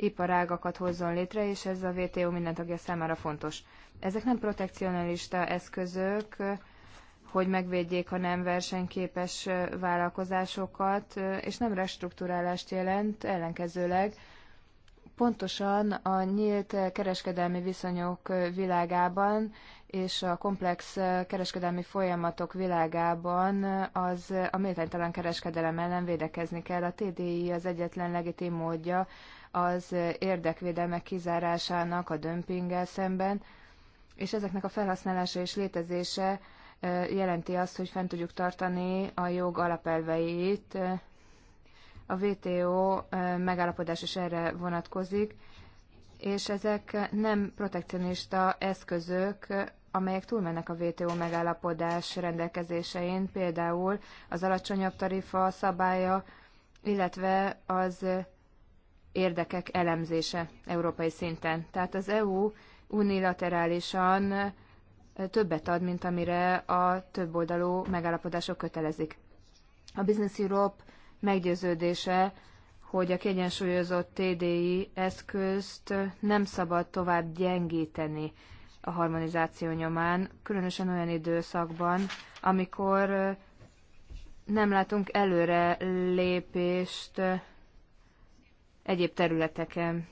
Speaker 4: iparágakat hozzon létre, és ez a WTO minden tagja számára fontos. Ezek nem protekcionalista eszközök, hogy megvédjék a nem versenyképes vállalkozásokat, és nem restruktúrálást jelent, ellenkezőleg pontosan a nyílt kereskedelmi viszonyok világában és a komplex kereskedelmi folyamatok világában az a méltánytalan kereskedelem ellen védekezni kell. A TDI az egyetlen legitim módja az érdekvédelmek kizárásának a dömpinggel szemben, és ezeknek a felhasználása és létezése jelenti azt, hogy fent tudjuk tartani a jog alapelveit. A WTO megállapodás is erre vonatkozik, és ezek nem protekcionista eszközök, amelyek túlmennek a WTO megállapodás rendelkezésein, például az alacsonyabb tarifa szabálya, illetve az érdekek elemzése európai szinten. Tehát az EU unilaterálisan többet ad, mint amire a többoldalú megállapodások kötelezik. A Business Europe meggyőződése, hogy a kiegyensúlyozott TDI eszközt nem szabad tovább gyengíteni a harmonizáció nyomán, különösen olyan időszakban, amikor nem látunk előre lépést egyéb területeken.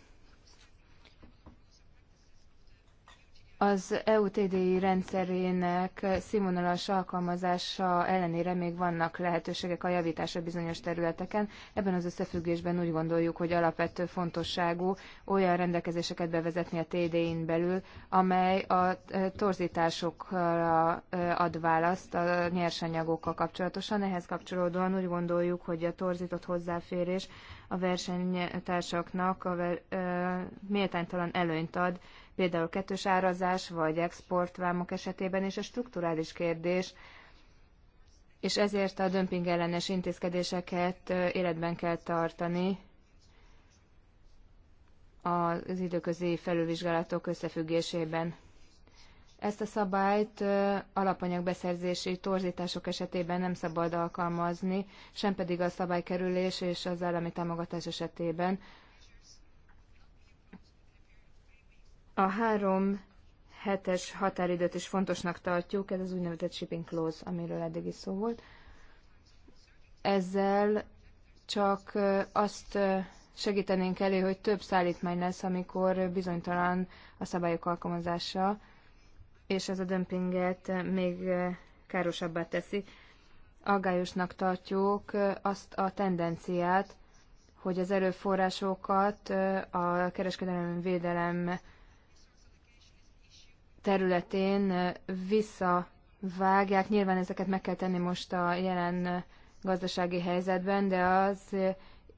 Speaker 4: Az EUTDI rendszerének színvonalas alkalmazása ellenére még vannak lehetőségek a javításra bizonyos területeken. Ebben az összefüggésben úgy gondoljuk, hogy alapvető fontosságú olyan rendelkezéseket bevezetni a tdi n belül, amely a e, torzításokra e, ad választ a nyersanyagokkal kapcsolatosan. Ehhez kapcsolódóan úgy gondoljuk, hogy a torzított hozzáférés a versenytársaknak a méltánytalan előnyt ad, például kettős árazás vagy exportvámok esetében, és a strukturális kérdés, és ezért a dömping ellenes intézkedéseket életben kell tartani az időközi felülvizsgálatok összefüggésében. Ezt a szabályt alapanyagbeszerzési torzítások esetében nem szabad alkalmazni, sem pedig a szabálykerülés és az állami támogatás esetében. A három hetes határidőt is fontosnak tartjuk, ez az úgynevezett shipping clause, amiről eddig is szó volt. Ezzel csak azt segítenénk elő, hogy több szállítmány lesz, amikor bizonytalan a szabályok alkalmazása, és ez a dömpinget még károsabbá teszi. Aggályosnak tartjuk azt a tendenciát, hogy az erőforrásokat a kereskedelmi védelem területén visszavágják. Nyilván ezeket meg kell tenni most a jelen gazdasági helyzetben, de az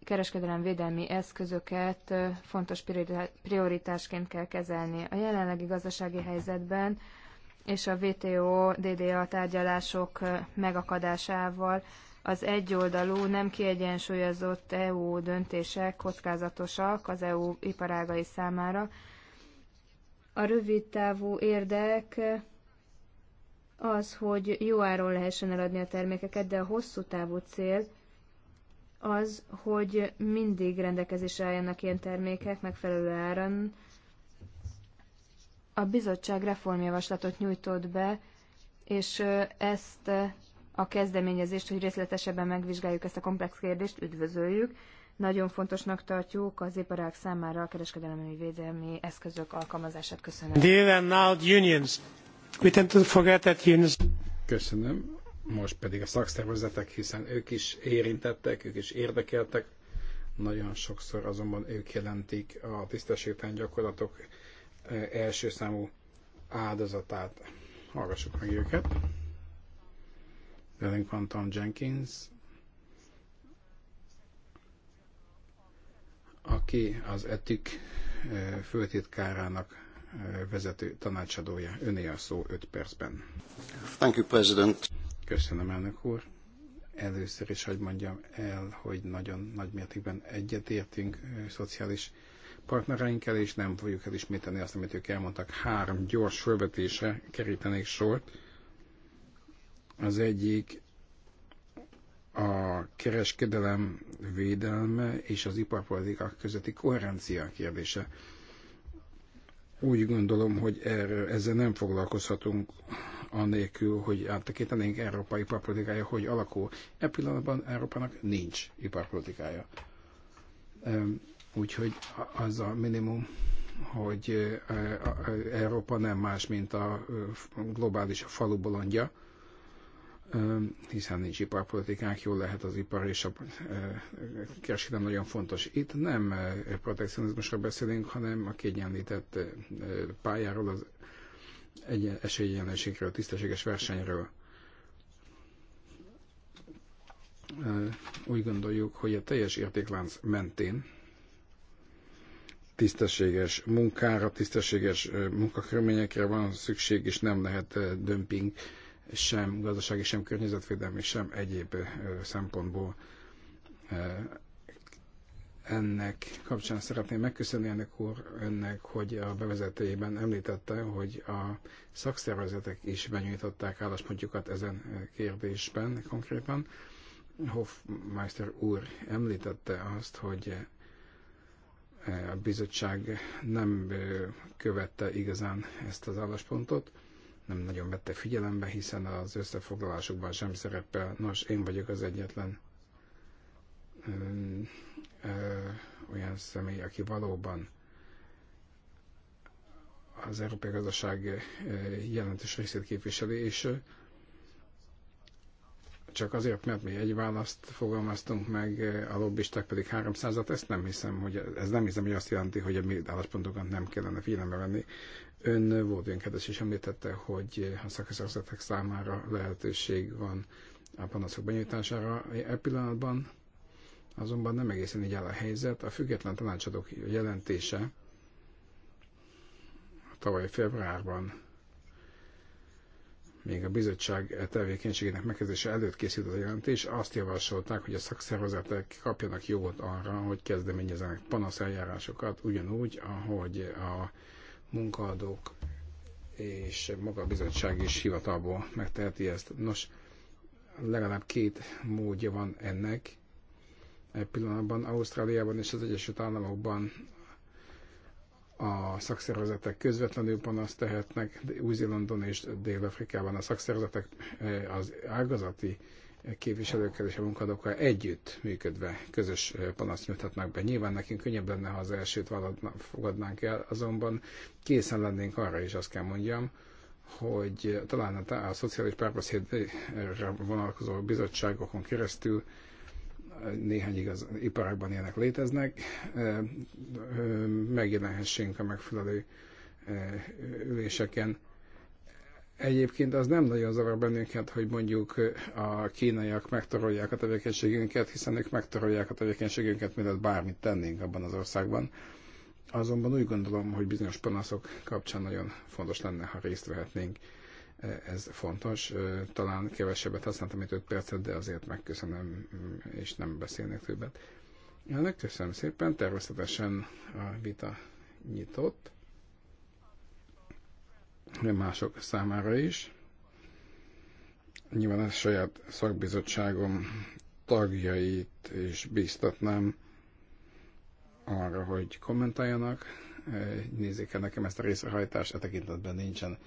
Speaker 4: kereskedelem védelmi eszközöket fontos prioritásként kell kezelni. A jelenlegi gazdasági helyzetben és a WTO DDA tárgyalások megakadásával az egyoldalú, nem kiegyensúlyozott EU döntések kockázatosak az EU iparágai számára. A rövid távú érdek az, hogy jó áron lehessen eladni a termékeket, de a hosszú távú cél az, hogy mindig rendelkezésre álljanak ilyen termékek megfelelő áron, a bizottság reformjavaslatot nyújtott be, és ezt a kezdeményezést, hogy részletesebben megvizsgáljuk ezt a komplex kérdést, üdvözöljük. Nagyon fontosnak tartjuk az iparág számára a kereskedelmi védelmi eszközök alkalmazását. Köszönöm.
Speaker 1: unions. We tend to forget that unions. Köszönöm. Most pedig a szakszervezetek, hiszen ők is
Speaker 2: érintettek, ők is érdekeltek. Nagyon sokszor azonban ők jelentik a tisztességtelen gyakorlatok Eh, első számú áldozatát. Hallgassuk meg őket. Velünk van Tom Jenkins, aki az etik eh, főtitkárának eh, vezető tanácsadója. Öné a szó 5 percben. Thank you, President. Köszönöm, elnök úr. Először is, hogy mondjam el, hogy nagyon nagy mértékben egyetértünk szociális partnereinkkel, és nem fogjuk elismételni azt, amit ők elmondtak. Három gyors felvetésre kerítenék sort. Az egyik a kereskedelem védelme és az iparpolitika közötti koherencia kérdése. Úgy gondolom, hogy erről, ezzel nem foglalkozhatunk anélkül, hogy áttekintenénk Európa iparpolitikája, hogy alakul. E pillanatban Európának nincs iparpolitikája. Úgyhogy az a minimum, hogy Európa nem más, mint a globális falu bolondja, hiszen nincs iparpolitikánk, jól lehet az ipar és a kereskedelem nagyon fontos. Itt nem protekcionizmusra beszélünk, hanem a kiegyenlített pályáról, az esélyegyenlőségről, tisztességes versenyről. Úgy gondoljuk, hogy a teljes értéklánc mentén tisztességes munkára, tisztességes munkakörményekre van szükség, és nem lehet dömping sem gazdasági, sem környezetvédelmi, sem egyéb szempontból ennek kapcsán szeretném megköszönni ennek úr önnek, hogy a bevezetőjében említette, hogy a szakszervezetek is benyújtották álláspontjukat ezen kérdésben konkrétan. Hofmeister úr említette azt, hogy a bizottság nem követte igazán ezt az álláspontot, nem nagyon vette figyelembe, hiszen az összefoglalásokban sem szerepel. Nos, én vagyok az egyetlen olyan személy, aki valóban az európai gazdaság jelentős részét képviseli, és csak azért, mert mi egy választ fogalmaztunk meg, a lobbisták pedig 300-at, ezt nem hiszem, hogy, ez nem hiszem, hogy azt jelenti, hogy a mi álláspontokat nem kellene figyelembe venni. Ön volt olyan kedves is említette, hogy a szakszervezetek számára lehetőség van a panaszok benyújtására. E pillanatban azonban nem egészen így áll a helyzet. A független tanácsadók jelentése tavaly februárban még a bizottság tevékenységének megkezdése előtt készült az jelentés, azt javasolták, hogy a szakszervezetek kapjanak jogot arra, hogy kezdeményezzenek panaszeljárásokat, ugyanúgy, ahogy a munkaadók és maga a bizottság is hivatalból megteheti ezt. Nos, legalább két módja van ennek. Egy pillanatban Ausztráliában és az Egyesült Államokban a szakszervezetek közvetlenül panaszt tehetnek, Új-Zélandon és Dél-Afrikában a szakszervezetek eh, az ágazati képviselőkkel és a munkadókkal együtt működve közös eh, panaszt nyújthatnak be. Nyilván nekünk könnyebb lenne, ha az elsőt fogadnánk el, azonban készen lennénk arra is, azt kell mondjam, hogy talán a, a szociális párbeszédre vonalkozó bizottságokon keresztül néhány igaz, iparágban ilyenek léteznek, megjelenhessénk a megfelelő üléseken. Egyébként az nem nagyon zavar bennünket, hogy mondjuk a kínaiak megtorolják a tevékenységünket, hiszen ők megtorolják a tevékenységünket, mielőtt bármit tennénk abban az országban. Azonban úgy gondolom, hogy bizonyos panaszok kapcsán nagyon fontos lenne, ha részt vehetnénk ez fontos. Talán kevesebbet használtam, mint 5 percet, de azért megköszönöm, mm, és nem beszélnék többet. Önök köszönöm szépen, természetesen a vita nyitott, mások számára is. Nyilván a saját szakbizottságom tagjait is bíztatnám arra, hogy kommentáljanak, nézzék el nekem ezt a részrehajtást, a e tekintetben nincsen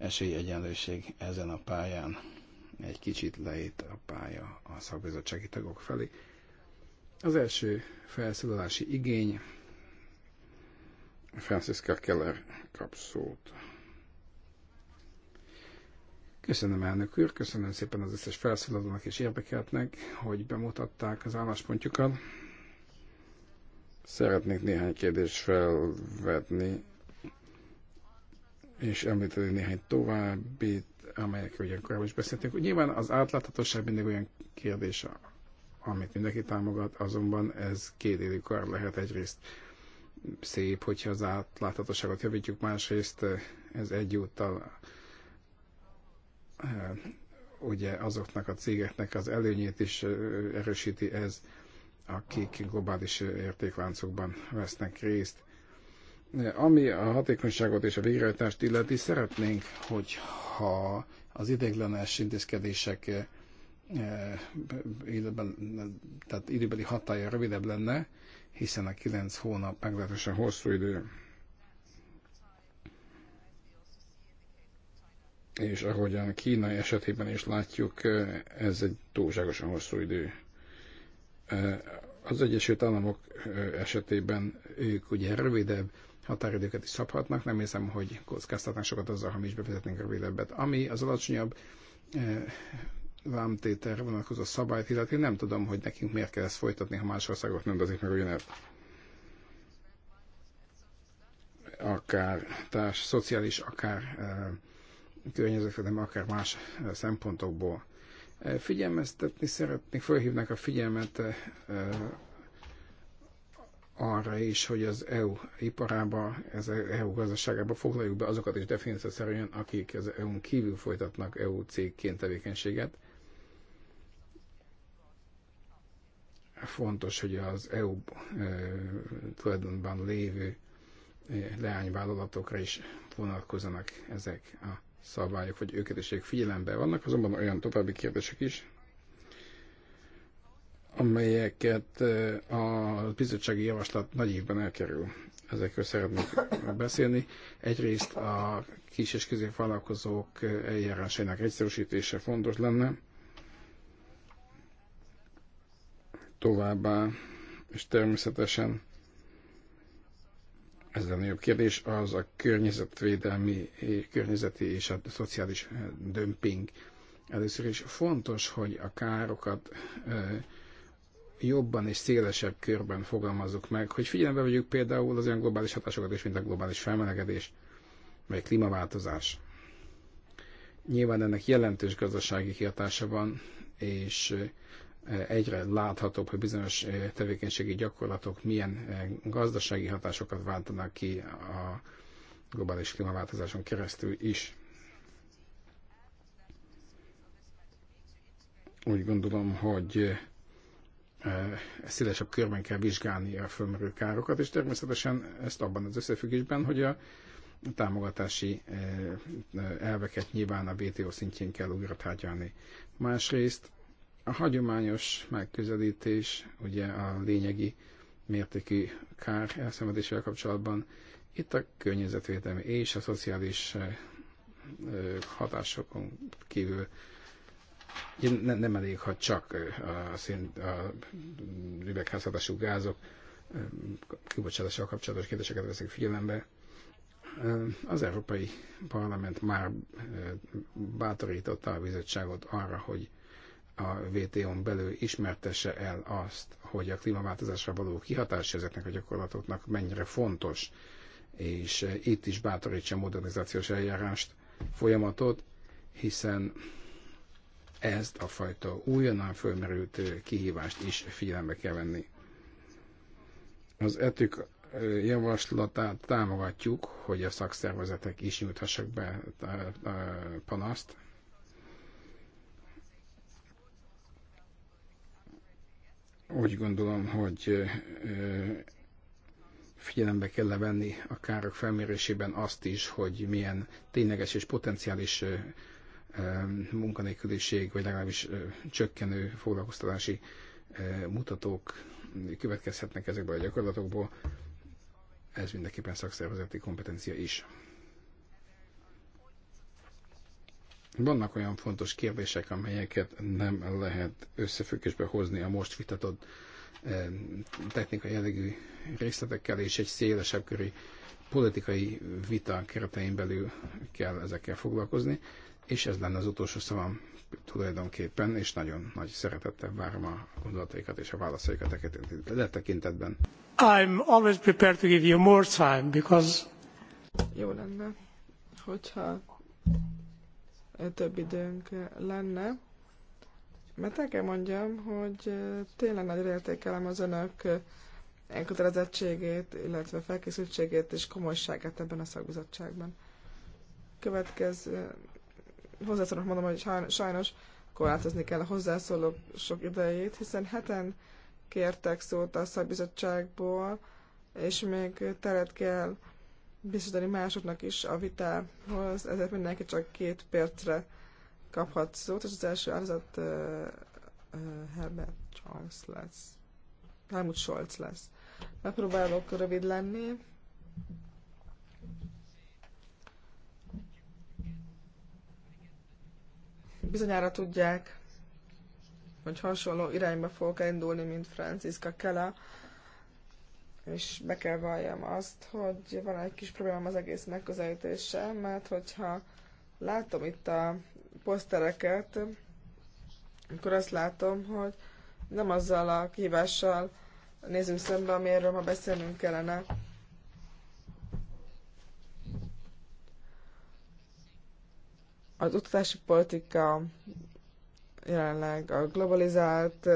Speaker 2: esélyegyenlőség ezen a pályán egy kicsit leét a pálya a szakbizottsági tagok felé. Az első felszólalási igény Francisca Keller kap szót. Köszönöm elnök úr, köszönöm szépen az összes felszólalónak és érdekeltnek, hogy bemutatták az álláspontjukat. Szeretnék néhány kérdést felvetni és említeni néhány további, amelyek ugyan korábban is beszéltünk. Nyilván az átláthatóság mindig olyan kérdés, amit mindenki támogat, azonban ez két időkar lehet egyrészt szép, hogyha az átláthatóságot javítjuk, másrészt eh, ez egyúttal eh, ugye azoknak a cégeknek az előnyét is eh, erősíti ez, akik globális értékláncokban vesznek részt. Ami a hatékonyságot és a végrehajtást illeti, szeretnénk, hogyha az ideiglenes intézkedések időben, eh, tehát időbeli hatája rövidebb lenne, hiszen a 9 hónap meglehetősen hosszú idő. És ahogyan Kína esetében is látjuk, eh, ez egy túlságosan hosszú idő. Eh, az Egyesült Államok esetében ők ugye rövidebb határidőket is szabhatnak. Nem hiszem, hogy kockáztatnánk sokat azzal, ha mi is bevezetnénk rövidebbet. Ami az alacsonyabb vámtételre eh, vonatkozó szabályt illeti, nem tudom, hogy nekünk miért kell ezt folytatni, ha más országok nem dozik meg ugyanezt. Akár társ, szociális, akár eh, környezetvédelmi, akár más eh, szempontokból. Figyelmeztetni szeretnék, felhívnak a figyelmet arra is, hogy az EU iparába, az EU gazdaságába foglaljuk be azokat is definíciószerűen, akik az EU-n kívül folytatnak EU cégként tevékenységet. Fontos, hogy az EU tulajdonban lévő leányvállalatokra is vonatkozanak ezek a szabályok, vagy őket is figyelembe vannak. Azonban olyan további kérdések is, amelyeket eh, a bizottsági javaslat nagy évben elkerül. Ezekről szeretnék beszélni. Egyrészt a kis és középvállalkozók eljárásainak egyszerűsítése fontos lenne. Továbbá, és természetesen ez a nagyobb kérdés, az a környezetvédelmi, környezeti és a szociális eh, dömping. Először is fontos, hogy a károkat eh, jobban és szélesebb körben fogalmazzuk meg, hogy figyelembe vegyük például az olyan globális hatásokat is, mint a globális felmelegedés, vagy klímaváltozás. Nyilván ennek jelentős gazdasági hatása van, és egyre láthatóbb, hogy bizonyos tevékenységi gyakorlatok milyen gazdasági hatásokat váltanak ki a globális klímaváltozáson keresztül is. Úgy gondolom, hogy Eh, szélesebb körben kell vizsgálni a fölmerülő károkat, és természetesen ezt abban az összefüggésben, hogy a támogatási eh, eh, elveket nyilván a WTO szintjén kell újra tárgyalni. Másrészt a hagyományos megközelítés, ugye a lényegi mértékű kár elszenvedésével kapcsolatban, itt a környezetvédelmi és a szociális hatásokon kívül nem, nem elég, ha csak a, szint, a üvegházhatású gázok kibocsátással kapcsolatos kérdéseket veszik figyelembe. Az Európai Parlament már bátorította a bizottságot arra, hogy a WTO-n belül ismertesse el azt, hogy a klímaváltozásra való kihatás ezeknek a gyakorlatoknak mennyire fontos, és itt is bátorítsa a modernizációs eljárást, folyamatot, hiszen ezt a fajta újonnan fölmerült kihívást is figyelembe kell venni. Az etük javaslatát támogatjuk, hogy a szakszervezetek is nyújthassak be panaszt. Úgy gondolom, hogy figyelembe kell venni a károk felmérésében azt is, hogy milyen tényleges és potenciális munkanélküliség, vagy legalábbis csökkenő foglalkoztatási mutatók következhetnek ezekből a gyakorlatokból. Ez mindenképpen szakszervezeti kompetencia is. Vannak olyan fontos kérdések, amelyeket nem lehet összefüggésbe hozni a most vitatott technikai jellegű részletekkel, és egy szélesebb körű politikai vita keretein belül kell ezekkel foglalkozni. És ez lenne az utolsó szavam tulajdonképpen, és nagyon nagy szeretettel várom a gondolataikat és a válaszaikat e, e tekintetben.
Speaker 1: I'm always prepared to give you more time, because...
Speaker 3: Jó lenne, hogyha több időnk lenne, mert el kell mondjam, hogy tényleg nagy értékelem az önök elkötelezettségét, illetve felkészültségét és komolyságát ebben a szakbizottságban. Következő hozzászólók mondom, hogy sajnos korlátozni kell a hozzászólók sok idejét, hiszen heten kértek szót a szakbizottságból, és még teret kell biztosítani másoknak is a vitához, ezért mindenki csak két percre kaphat szót, és az első áldozat uh, uh, Herbert Charles lesz. Helmut Scholz lesz. Megpróbálok rövid lenni. Bizonyára tudják, hogy hasonló irányba fogok indulni, mint Franciska Kela, és be kell valljam azt, hogy van egy kis problémám az egész megközelítéssel, mert hogyha látom itt a posztereket, akkor azt látom, hogy nem azzal a kihívással nézünk szembe, amiről ma beszélnünk kellene. Az utazási politika jelenleg a globalizált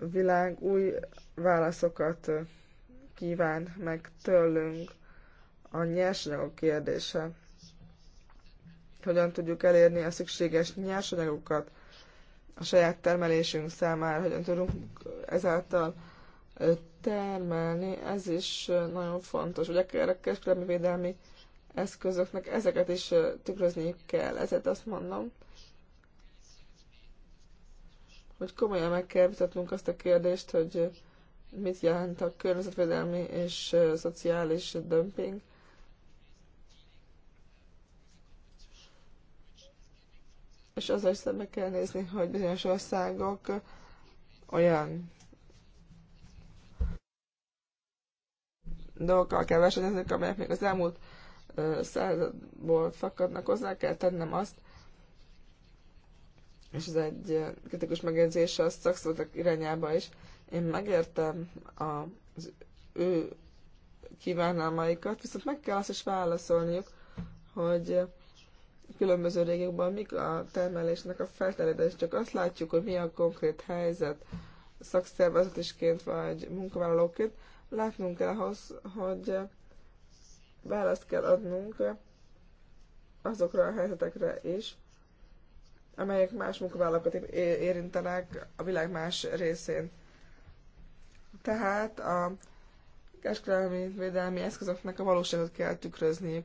Speaker 3: világ új válaszokat kíván meg tőlünk a nyersanyagok kérdése. Hogyan tudjuk elérni a szükséges nyersanyagokat a saját termelésünk számára, hogyan tudunk ezáltal termelni, ez is nagyon fontos. Ugye a kereskedelmi védelmi eszközöknek ezeket is tükrözniük kell. Ezért azt mondom, hogy komolyan meg kell vitatnunk azt a kérdést, hogy mit jelent a környezetvédelmi és szociális dömping. És azzal is szembe kell nézni, hogy bizonyos országok olyan dolgokkal kell versenyezni, amelyek még az elmúlt századból fakadnak, hozzá kell tennem azt, és ez egy kritikus megjegyzés a szakszoltak irányába is. Én megértem az ő kívánalmaikat, viszont meg kell azt is válaszolniuk, hogy különböző régiókban mik a termelésnek a felterjedés, csak azt látjuk, hogy mi a konkrét helyzet szakszervezetésként vagy munkavállalóként, látnunk kell ahhoz, hogy választ kell adnunk azokra a helyzetekre is, amelyek más munkavállalókat érintenek a világ más részén. Tehát a kereskedelmi védelmi eszközöknek a valóságot kell tükrözniük.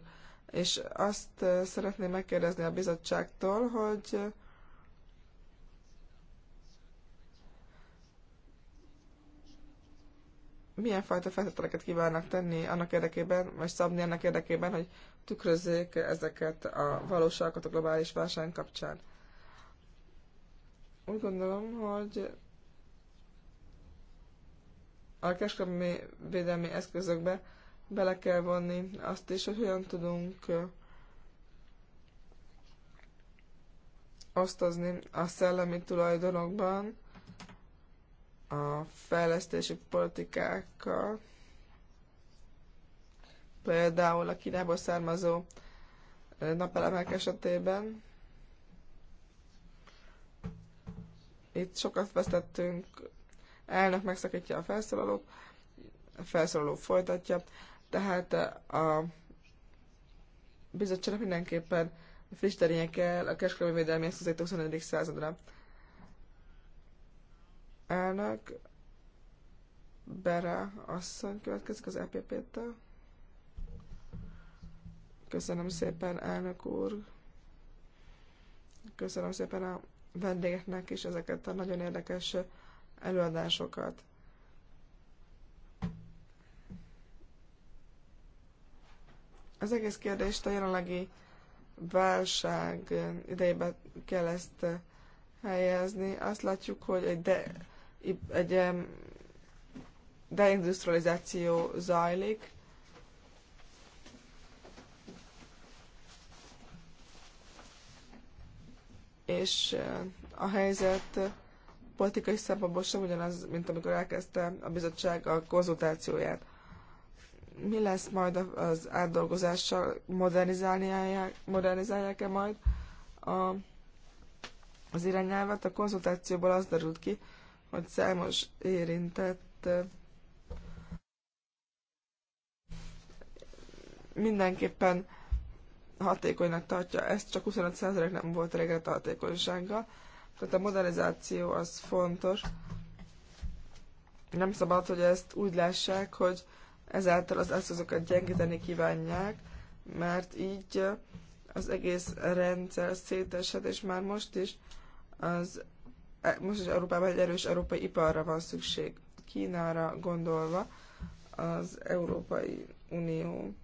Speaker 3: És azt eh, szeretném megkérdezni a bizottságtól, hogy milyen fajta feltételeket kívánnak tenni annak érdekében, vagy szabni annak érdekében, hogy tükrözzék ezeket a valóságokat a globális válság kapcsán. Úgy gondolom, hogy a kereskedelmi védelmi eszközökbe bele kell vonni azt is, hogy hogyan tudunk osztozni a szellemi tulajdonokban, a fejlesztési politikákkal, például a Kínából származó napelemek esetében. Itt sokat vesztettünk, elnök megszakítja a felszólalót, a felszólaló folytatja, tehát a bizottságnak mindenképpen frissíteni kell a kereskedelmi védelmi eszközét 21. századra. Elnök Bere asszony következik az EPP-től. Köszönöm szépen, elnök úr. Köszönöm szépen a vendégeknek is ezeket a nagyon érdekes előadásokat. Az egész kérdést a jelenlegi válság idejében kell ezt helyezni. Azt látjuk, hogy egy de egy deindustrializáció zajlik. És eh, a helyzet politikai szempontból sem ugyanaz, mint amikor elkezdte a bizottság a konzultációját. Mi lesz majd az átdolgozással? Modernizálják, modernizálják-e majd a, az irányelvet? A konzultációból az derült ki, hogy számos érintett mindenképpen hatékonynak tartja ezt, csak 25% nem volt a hatékonysága. Tehát a modernizáció az fontos. Nem szabad, hogy ezt úgy lássák, hogy ezáltal az eszközöket gyengíteni kívánják, mert így az egész rendszer széteshet, és már most is az E, most is Európában egy erős európai iparra van szükség. Kínára gondolva az Európai Unió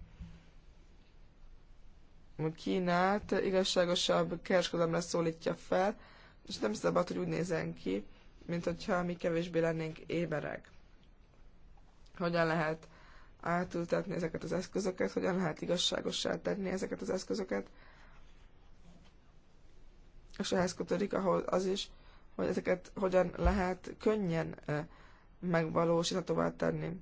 Speaker 3: Kínát igazságosabb kereskedelemre szólítja fel, és nem szabad, hogy úgy nézen ki, mint hogyha mi kevésbé lennénk éberek. Hogyan lehet átültetni ezeket az eszközöket, hogyan lehet igazságossá tenni ezeket az eszközöket, és ehhez kötődik ahol az is, hogy ezeket hogyan lehet könnyen megvalósíthatóvá tenni.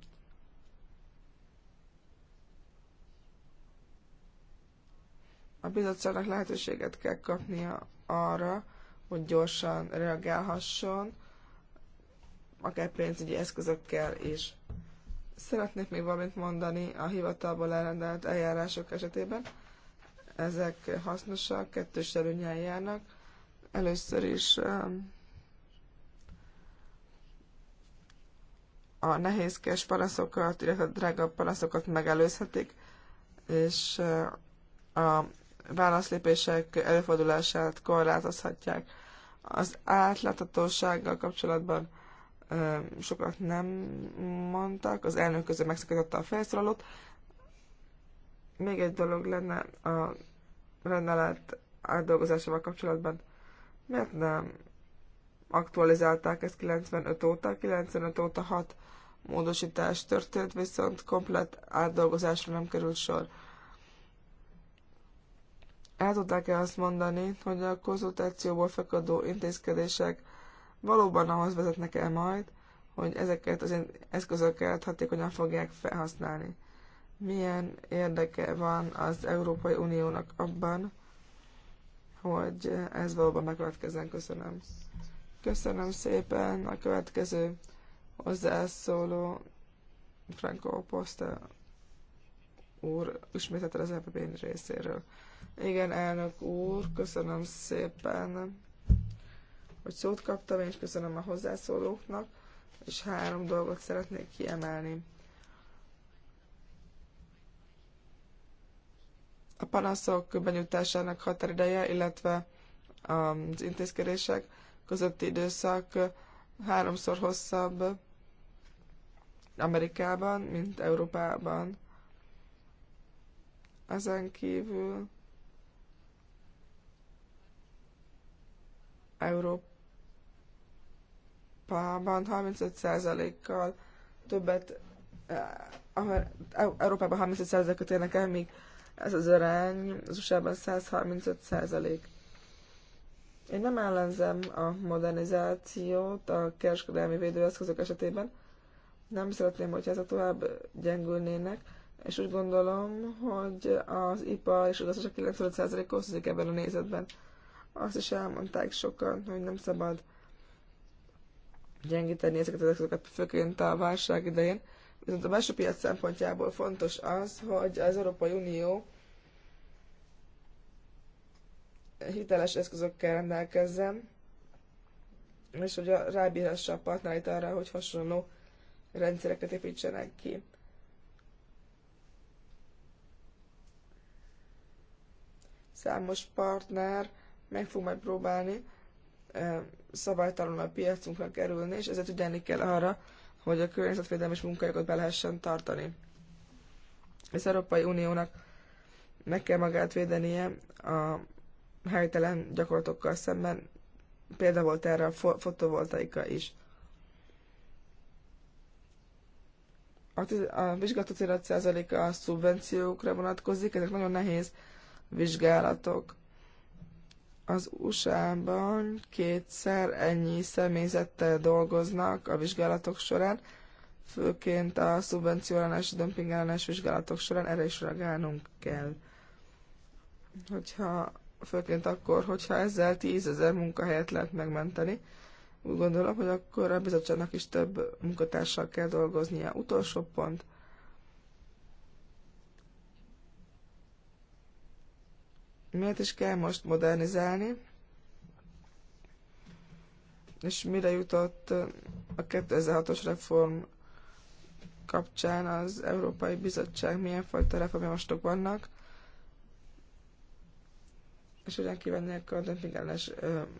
Speaker 3: A bizottságnak lehetőséget kell kapnia arra, hogy gyorsan reagálhasson, akár pénzügyi eszközökkel is. Szeretnék még valamit mondani a hivatalból elrendelt eljárások esetében. Ezek hasznosak, kettős előnyel járnak. Először is um, a nehézkes panaszokat, illetve a drága panaszokat megelőzhetik, és a válaszlépések előfordulását korlátozhatják. Az átláthatósággal kapcsolatban sokat nem mondtak, az elnök közül megszakította a felszólalót. Még egy dolog lenne a rendelet átdolgozásával kapcsolatban. Miért nem aktualizálták ezt 95 óta? 95 óta 6 módosítás történt, viszont komplet átdolgozásra nem került sor. El tudták-e azt mondani, hogy a konzultációból fakadó intézkedések valóban ahhoz vezetnek el majd, hogy ezeket az eszközöket hatékonyan fogják felhasználni? Milyen érdeke van az Európai Uniónak abban, hogy ez valóban megkövetkezzen? Köszönöm. Köszönöm szépen. A következő hozzászóló Franco Posta úr ismételte az EPP részéről. Igen, elnök úr, köszönöm szépen, hogy szót kaptam, és köszönöm a hozzászólóknak, és három dolgot szeretnék kiemelni. A panaszok benyújtásának határideje, illetve az intézkedések közötti időszak háromszor hosszabb, Amerikában, mint Európában. Ezen kívül Európában 35%-kal többet, eh, Európában 35%-ot érnek el, míg ez az arány az USA-ban 135%. Én nem ellenzem a modernizációt a kereskedelmi védőeszközök esetében, nem szeretném, hogyha ezek tovább gyengülnének, és úgy gondolom, hogy az IPA és az a 95% osztozik ebben a nézetben. Azt is elmondták sokan, hogy nem szabad gyengíteni ezeket az eszközöket, főként a válság idején. Viszont a belső piac szempontjából fontos az, hogy az Európai Unió hiteles eszközökkel rendelkezzen, és hogy rábírhassa a partnereit arra, hogy hasonló rendszereket építsenek ki. Számos partner meg fog majd próbálni szabálytalanul a piacunkra kerülni, és ezért ügyelni kell arra, hogy a környezetvédelmi és munkájukat be lehessen tartani. Az Európai Uniónak meg kell magát védenie a helytelen gyakorlatokkal szemben, példa volt erre a fotovoltaika is. a, a vizsgálatok 15%-a a szubvenciókra vonatkozik, ezek nagyon nehéz vizsgálatok. Az USA-ban kétszer ennyi személyzettel dolgoznak a vizsgálatok során, főként a szubvencióellenes, dömpingellenes vizsgálatok során erre is reagálnunk kell. Hogyha, főként akkor, hogyha ezzel tízezer munkahelyet lehet megmenteni, úgy gondolom, hogy akkor a bizottságnak is több munkatársal kell dolgoznia. Utolsó pont. Miért is kell most modernizálni? És mire jutott a 2006-os reform kapcsán az Európai Bizottság, milyen fajta reformjavaslatok vannak? és hogyan kívánják a dömpingellenes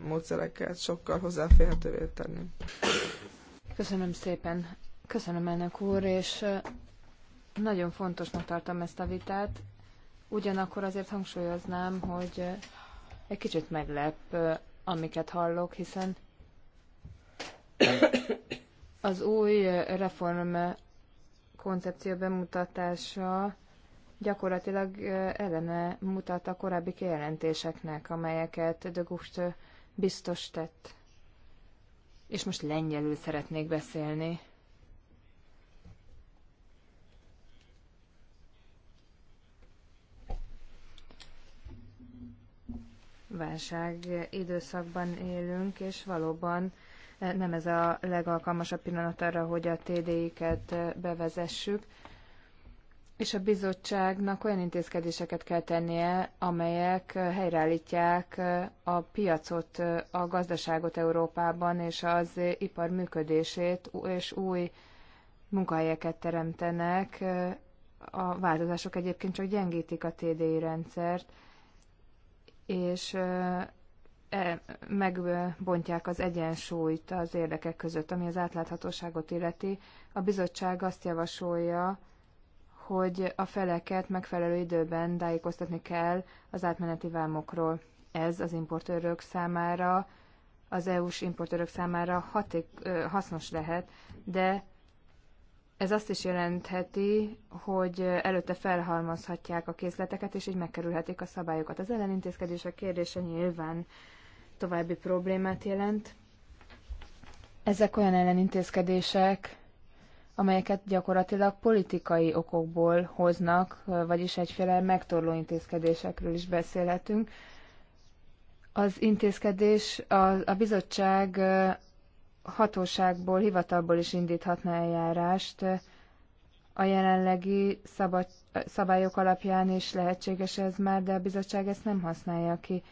Speaker 3: módszereket sokkal hozzáférhetővé tenni.
Speaker 4: Köszönöm szépen. Köszönöm elnök úr, és nagyon fontosnak tartom ezt a vitát. Ugyanakkor azért hangsúlyoznám, hogy egy kicsit meglep, amiket hallok, hiszen az új reform koncepció bemutatása gyakorlatilag ellene mutat a korábbi kijelentéseknek, amelyeket de Gucht biztos tett. És most lengyelül szeretnék beszélni. Válság időszakban élünk, és valóban nem ez a legalkalmasabb pillanat arra, hogy a TDI-ket bevezessük és a bizottságnak olyan intézkedéseket kell tennie, amelyek helyreállítják a piacot, a gazdaságot Európában, és az ipar működését, és új munkahelyeket teremtenek. A változások egyébként csak gyengítik a TDI rendszert, és e, megbontják az egyensúlyt az érdekek között, ami az átláthatóságot illeti. A bizottság azt javasolja, hogy a feleket megfelelő időben tájékoztatni kell az átmeneti vámokról. Ez az importőrök számára, az EU-s importőrök számára haték, hasznos lehet, de ez azt is jelentheti, hogy előtte felhalmozhatják a készleteket, és így megkerülhetik a szabályokat. Az ellenintézkedések kérdése nyilván további problémát jelent. Ezek olyan ellenintézkedések, amelyeket gyakorlatilag politikai okokból hoznak, vagyis egyféle megtorló intézkedésekről is beszélhetünk. Az intézkedés a, a bizottság hatóságból, hivatalból is indíthatna eljárást. A jelenlegi szabad, szabályok alapján is lehetséges ez már, de a bizottság ezt nem használja ki.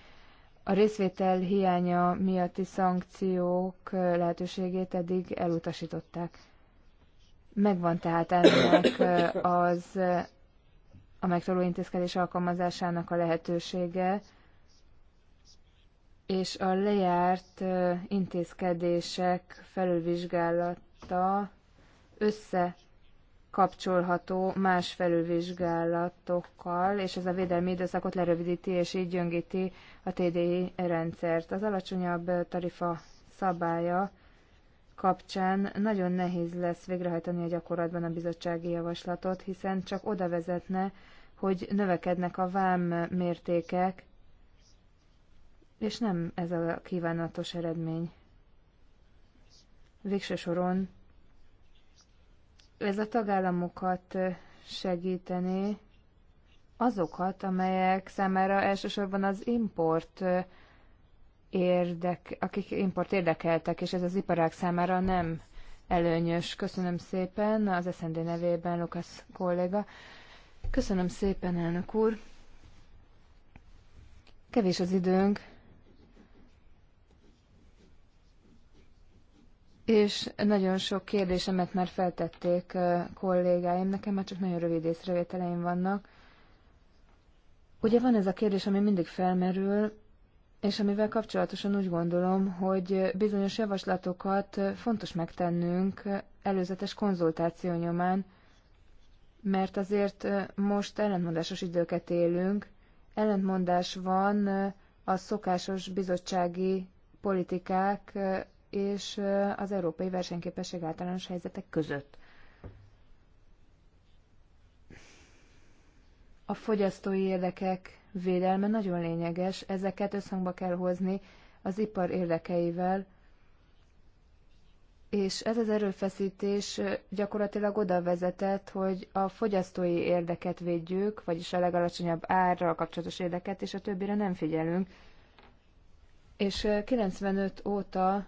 Speaker 4: A részvétel hiánya miatti szankciók lehetőségét eddig elutasították. Megvan tehát ennek az a megfelelő intézkedés alkalmazásának a lehetősége, és a lejárt intézkedések felülvizsgálata összekapcsolható más felülvizsgálatokkal, és ez a védelmi időszakot lerövidíti és így gyöngíti a TDI rendszert. Az alacsonyabb tarifa szabálya kapcsán nagyon nehéz lesz végrehajtani a gyakorlatban a bizottsági javaslatot, hiszen csak oda vezetne, hogy növekednek a vám mértékek, és nem ez a kívánatos eredmény. Végső soron ez a tagállamokat segítené, azokat, amelyek számára elsősorban az import érdek, akik import érdekeltek, és ez az iparág számára nem előnyös. Köszönöm szépen az SND nevében, Lukasz kolléga. Köszönöm szépen, elnök úr. Kevés az időnk, és nagyon sok kérdésemet már feltették kollégáim, nekem már csak nagyon rövid észrevételeim vannak. Ugye van ez a kérdés, ami mindig felmerül, és amivel kapcsolatosan úgy gondolom, hogy bizonyos javaslatokat fontos megtennünk előzetes konzultáció nyomán, mert azért most ellentmondásos időket élünk, ellentmondás van a szokásos bizottsági politikák és az európai versenyképesség általános helyzetek között. A fogyasztói érdekek védelme nagyon lényeges, ezeket összhangba kell hozni az ipar érdekeivel, és ez az erőfeszítés gyakorlatilag oda vezetett, hogy a fogyasztói érdeket védjük, vagyis a legalacsonyabb árral kapcsolatos érdeket, és a többire nem figyelünk. És 95 eh, óta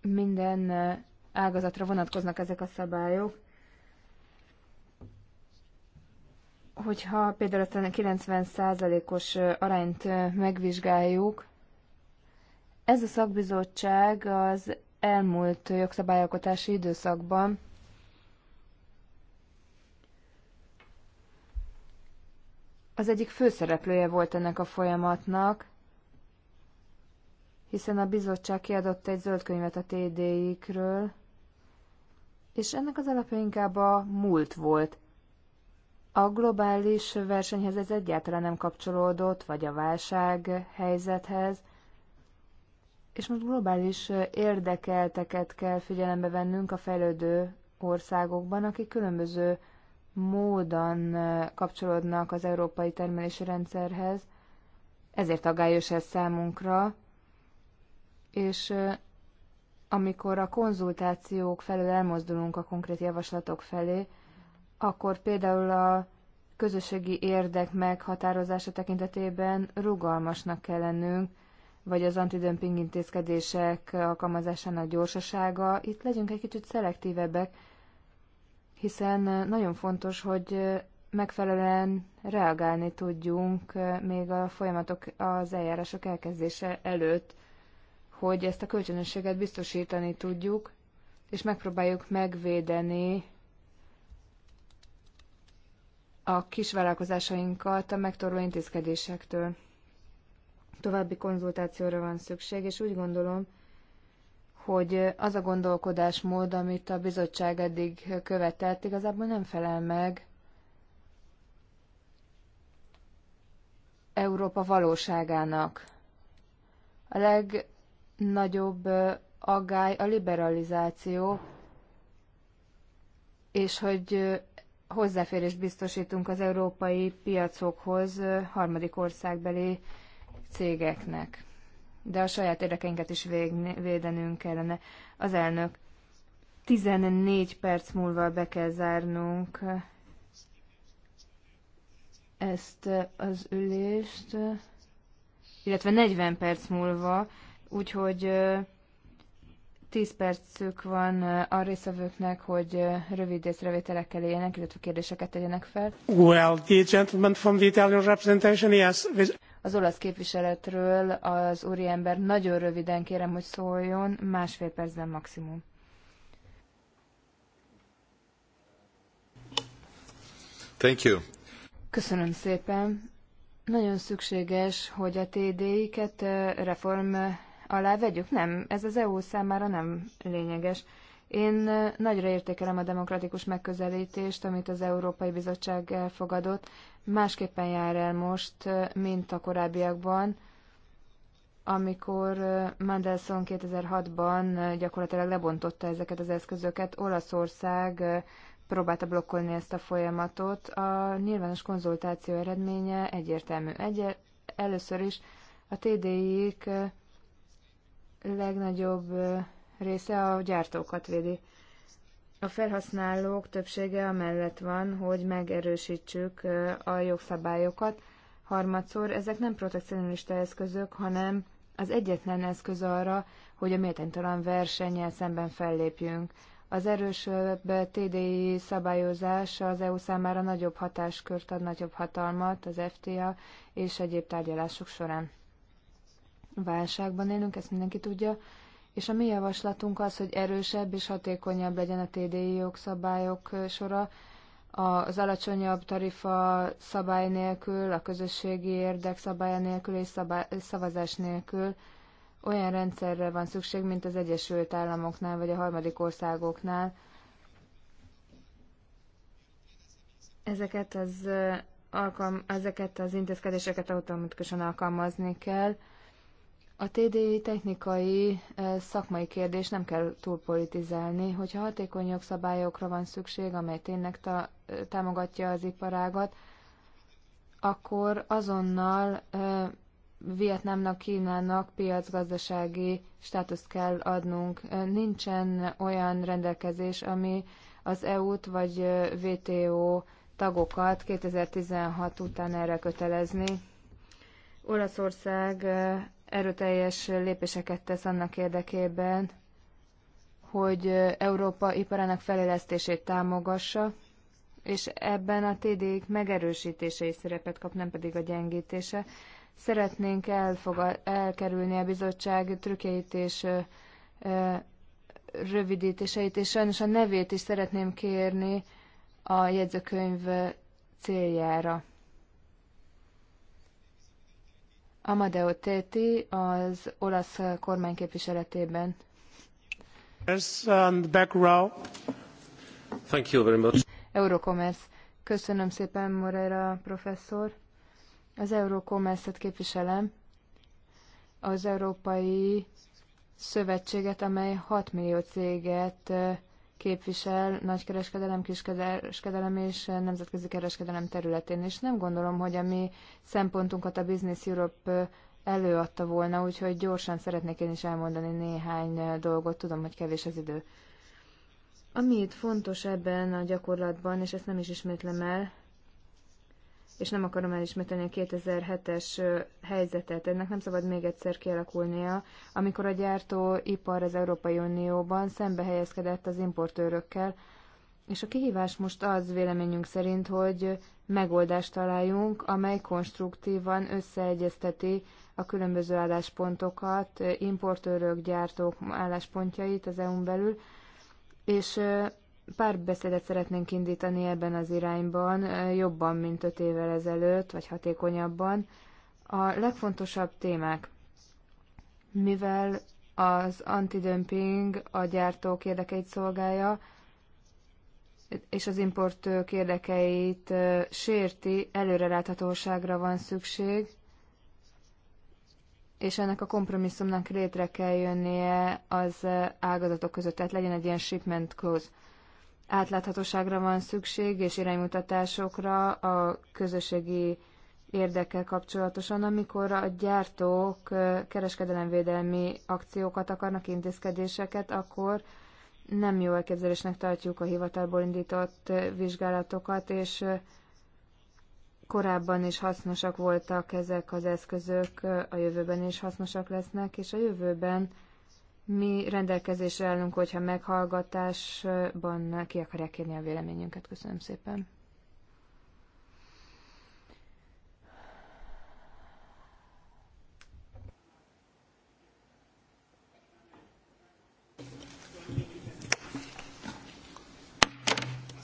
Speaker 4: minden eh, ágazatra vonatkoznak ezek a szabályok. Hogyha például a 90%-os arányt megvizsgáljuk, ez a szakbizottság az elmúlt jogszabályalkotási időszakban az egyik főszereplője volt ennek a folyamatnak, hiszen a bizottság kiadott egy zöldkönyvet a TD-ikről, és ennek az alapja inkább a múlt volt. A globális versenyhez ez egyáltalán nem kapcsolódott, vagy a válság helyzethez, és most globális érdekelteket kell figyelembe vennünk a fejlődő országokban, akik különböző módon kapcsolódnak az európai termelési rendszerhez, ezért aggályos ez számunkra, és amikor a konzultációk felől elmozdulunk a konkrét javaslatok felé, akkor például a közösségi érdek meghatározása tekintetében rugalmasnak kell lennünk, vagy az antidömping intézkedések alkalmazásának gyorsasága. Itt legyünk egy kicsit szelektívebbek, hiszen nagyon fontos, hogy megfelelően reagálni tudjunk még a folyamatok, az eljárások elkezdése előtt hogy ezt a kölcsönösséget biztosítani tudjuk, és megpróbáljuk megvédeni a kisvállalkozásainkat a megtorló intézkedésektől. További konzultációra van szükség, és úgy gondolom, hogy az a gondolkodásmód, amit a bizottság eddig követett, igazából nem felel meg Európa valóságának. A leg nagyobb aggály a liberalizáció, és hogy hozzáférést biztosítunk az európai piacokhoz harmadik országbeli cégeknek. De a saját érdekeinket is védenünk kellene. Az elnök 14 perc múlva be kell zárnunk ezt az ülést, illetve 40 perc múlva, Úgyhogy 10 percük van a részvevőknek, hogy rövid észrevételekkel éljenek, illetve kérdéseket tegyenek fel.
Speaker 1: Well, the gentleman from the Italian representation, yes.
Speaker 4: Az olasz képviseletről az úriember nagyon röviden kérem, hogy szóljon, másfél percben maximum. Thank you. Köszönöm szépen. Nagyon szükséges, hogy a td ket reform alá vegyük? Nem, ez az EU számára nem lényeges. Én nagyra értékelem a demokratikus megközelítést, amit az Európai Bizottság elfogadott. Másképpen jár el most, mint a korábbiakban, amikor Mandelson 2006-ban gyakorlatilag lebontotta ezeket az eszközöket. Olaszország próbálta blokkolni ezt a folyamatot. A nyilvános konzultáció eredménye egyértelmű. Egy, először is a TDI-k legnagyobb része a gyártókat védi. A felhasználók többsége amellett van, hogy megerősítsük a jogszabályokat. Harmadszor ezek nem protekcionista eszközök, hanem az egyetlen eszköz arra, hogy a méltánytalan versennyel szemben fellépjünk. Az erősebb TDI szabályozás az EU számára nagyobb hatáskört ad, nagyobb hatalmat az FTA és egyéb tárgyalások során. Válságban élünk, ezt mindenki tudja, és a mi javaslatunk az, hogy erősebb és hatékonyabb legyen a TDI jogszabályok sora, az alacsonyabb tarifa szabály nélkül, a közösségi érdek szabálya nélkül és szabály, szavazás nélkül olyan rendszerre van szükség, mint az Egyesült Államoknál vagy a harmadik országoknál. Ezeket az, alkalm, ezeket az intézkedéseket automatikusan alkalmazni kell. A TDI technikai szakmai kérdés nem kell túlpolitizálni. Hogyha hatékony jogszabályokra van szükség, amely tényleg ta- támogatja az iparágat, akkor azonnal uh, Vietnámnak, Kínának piacgazdasági státuszt kell adnunk. Nincsen olyan rendelkezés, ami az EU-t vagy WTO tagokat 2016 után erre kötelezni. Olaszország erőteljes lépéseket tesz annak érdekében, hogy Európa iparának felélesztését támogassa, és ebben a TD megerősítése is szerepet kap, nem pedig a gyengítése. Szeretnénk elfogad, elkerülni a bizottság trükkjeit és rövidítéseit, és sajnos a nevét is szeretném kérni a jegyzőkönyv céljára. Amadeo Téti az olasz kormány képviseletében.
Speaker 1: Thank you very much.
Speaker 4: Eurocommerce. Köszönöm szépen, Moreira professzor. Az Eurocommerce-et képviselem, az Európai Szövetséget, amely 6 millió céget képvisel nagykereskedelem, kiskereskedelem és nemzetközi kereskedelem területén, és nem gondolom, hogy a mi szempontunkat a Business Europe előadta volna, úgyhogy gyorsan szeretnék én is elmondani néhány dolgot, tudom, hogy kevés az idő. Ami itt fontos ebben a gyakorlatban, és ezt nem is ismétlem el, és nem akarom elismételni a 2007-es helyzetet, ennek nem szabad még egyszer kialakulnia, amikor a gyártóipar az Európai Unióban szembe helyezkedett az importőrökkel, és a kihívás most az véleményünk szerint, hogy megoldást találjunk, amely konstruktívan összeegyezteti a különböző álláspontokat, importőrök, gyártók álláspontjait az EU-n belül, és beszédet szeretnénk indítani ebben az irányban, jobban, mint öt évvel ezelőtt, vagy hatékonyabban. A legfontosabb témák, mivel az antidömping a gyártók érdekeit szolgálja, és az importők érdekeit sérti, előreláthatóságra van szükség, és ennek a kompromisszumnak létre kell jönnie az ágazatok között, tehát legyen egy ilyen shipment close átláthatóságra van szükség, és iránymutatásokra a közösségi érdekkel kapcsolatosan, amikor a gyártók kereskedelemvédelmi akciókat akarnak, intézkedéseket, akkor nem jó elképzelésnek tartjuk a hivatalból indított vizsgálatokat, és korábban is hasznosak voltak ezek az eszközök, a jövőben is hasznosak lesznek, és a jövőben mi rendelkezésre állunk, hogyha meghallgatásban ki akarják kérni a véleményünket. Köszönöm szépen.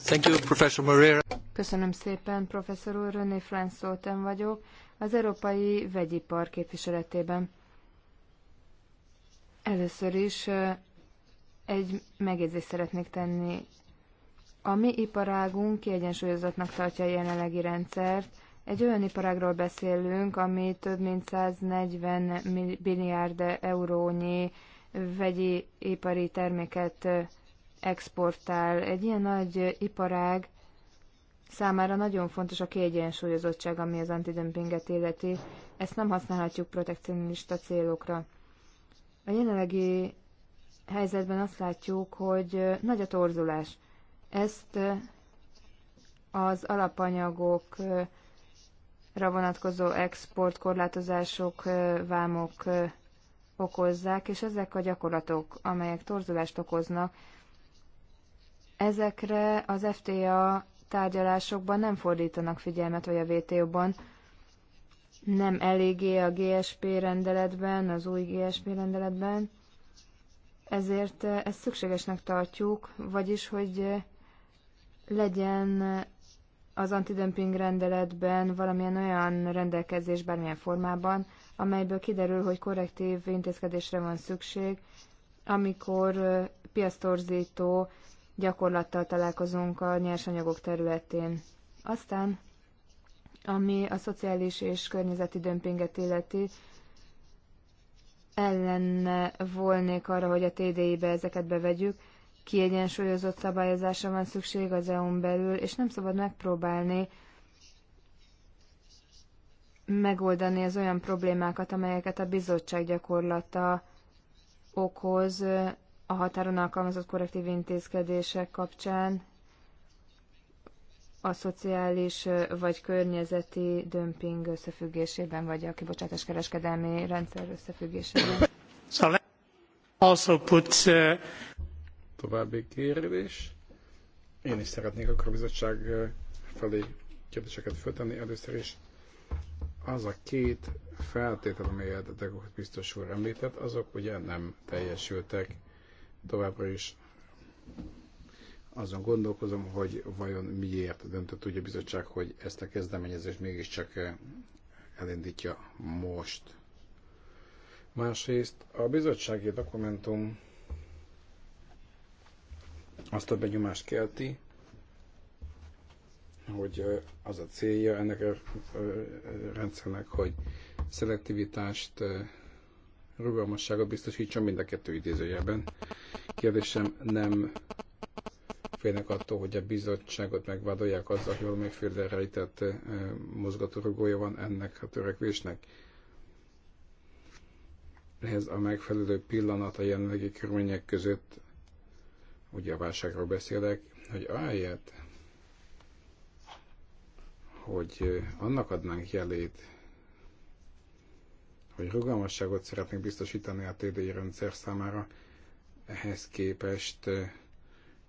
Speaker 4: Thank you, Professor Moreira. Köszönöm szépen, professzor úr, René Franz Szóten vagyok, az Európai Vegyipar képviseletében. Először is egy megjegyzést szeretnék tenni. A mi iparágunk kiegyensúlyozottnak tartja a jelenlegi rendszert. Egy olyan iparágról beszélünk, ami több mint 140 milliárd eurónyi vegyi ipari terméket exportál. Egy ilyen nagy iparág számára nagyon fontos a kiegyensúlyozottság, ami az antidömpinget illeti. Ezt nem használhatjuk protekcionista célokra. A jelenlegi helyzetben azt látjuk, hogy nagy a torzulás. Ezt az alapanyagokra vonatkozó exportkorlátozások, vámok okozzák, és ezek a gyakorlatok, amelyek torzulást okoznak, ezekre az FTA tárgyalásokban nem fordítanak figyelmet, vagy a WTO-ban, nem eléggé a GSP rendeletben, az új GSP rendeletben, ezért eh, ezt szükségesnek tartjuk, vagyis, hogy eh, legyen eh, az antidömping rendeletben valamilyen olyan rendelkezés bármilyen formában, amelyből kiderül, hogy korrektív intézkedésre van szükség, amikor piasztorzító gyakorlattal találkozunk a nyersanyagok területén. Aztán ami a szociális és környezeti dömpinget illeti, ellen volnék arra, hogy a TDI-be ezeket bevegyük. Kiegyensúlyozott szabályozásra van szükség az EU-n belül, és nem szabad megpróbálni megoldani az olyan problémákat, amelyeket a bizottság gyakorlata okoz a határon alkalmazott korrektív intézkedések kapcsán, a szociális vagy környezeti dömping összefüggésében, vagy a kibocsátás kereskedelmi rendszer összefüggésében.
Speaker 1: So also put, uh...
Speaker 2: További kérdés. Én is szeretnék akkor a bizottság felé kérdéseket föltenni. Először is az a két feltétel, amelyet a Degolt biztos úr említett, azok ugye nem teljesültek továbbra is azon gondolkozom, hogy vajon miért döntött úgy a bizottság, hogy ezt a kezdeményezést mégiscsak eh, elindítja most. Másrészt a bizottsági dokumentum azt a benyomást kelti, hogy eh, az a célja ennek a eh, rendszernek, hogy szelektivitást, rugalmasságot biztosítson mind a kettő idézőjelben. Kérdésem nem félnek attól, hogy a bizottságot megvádolják azzal, hogy valamiféle rejtett mozgatórugója van ennek a törekvésnek. Ez a megfelelő pillanat a jelenlegi körülmények között, ugye a válságról beszélek, hogy ahelyett, hogy annak adnánk jelét, hogy rugalmasságot szeretnénk biztosítani a TDI rendszer számára, ehhez képest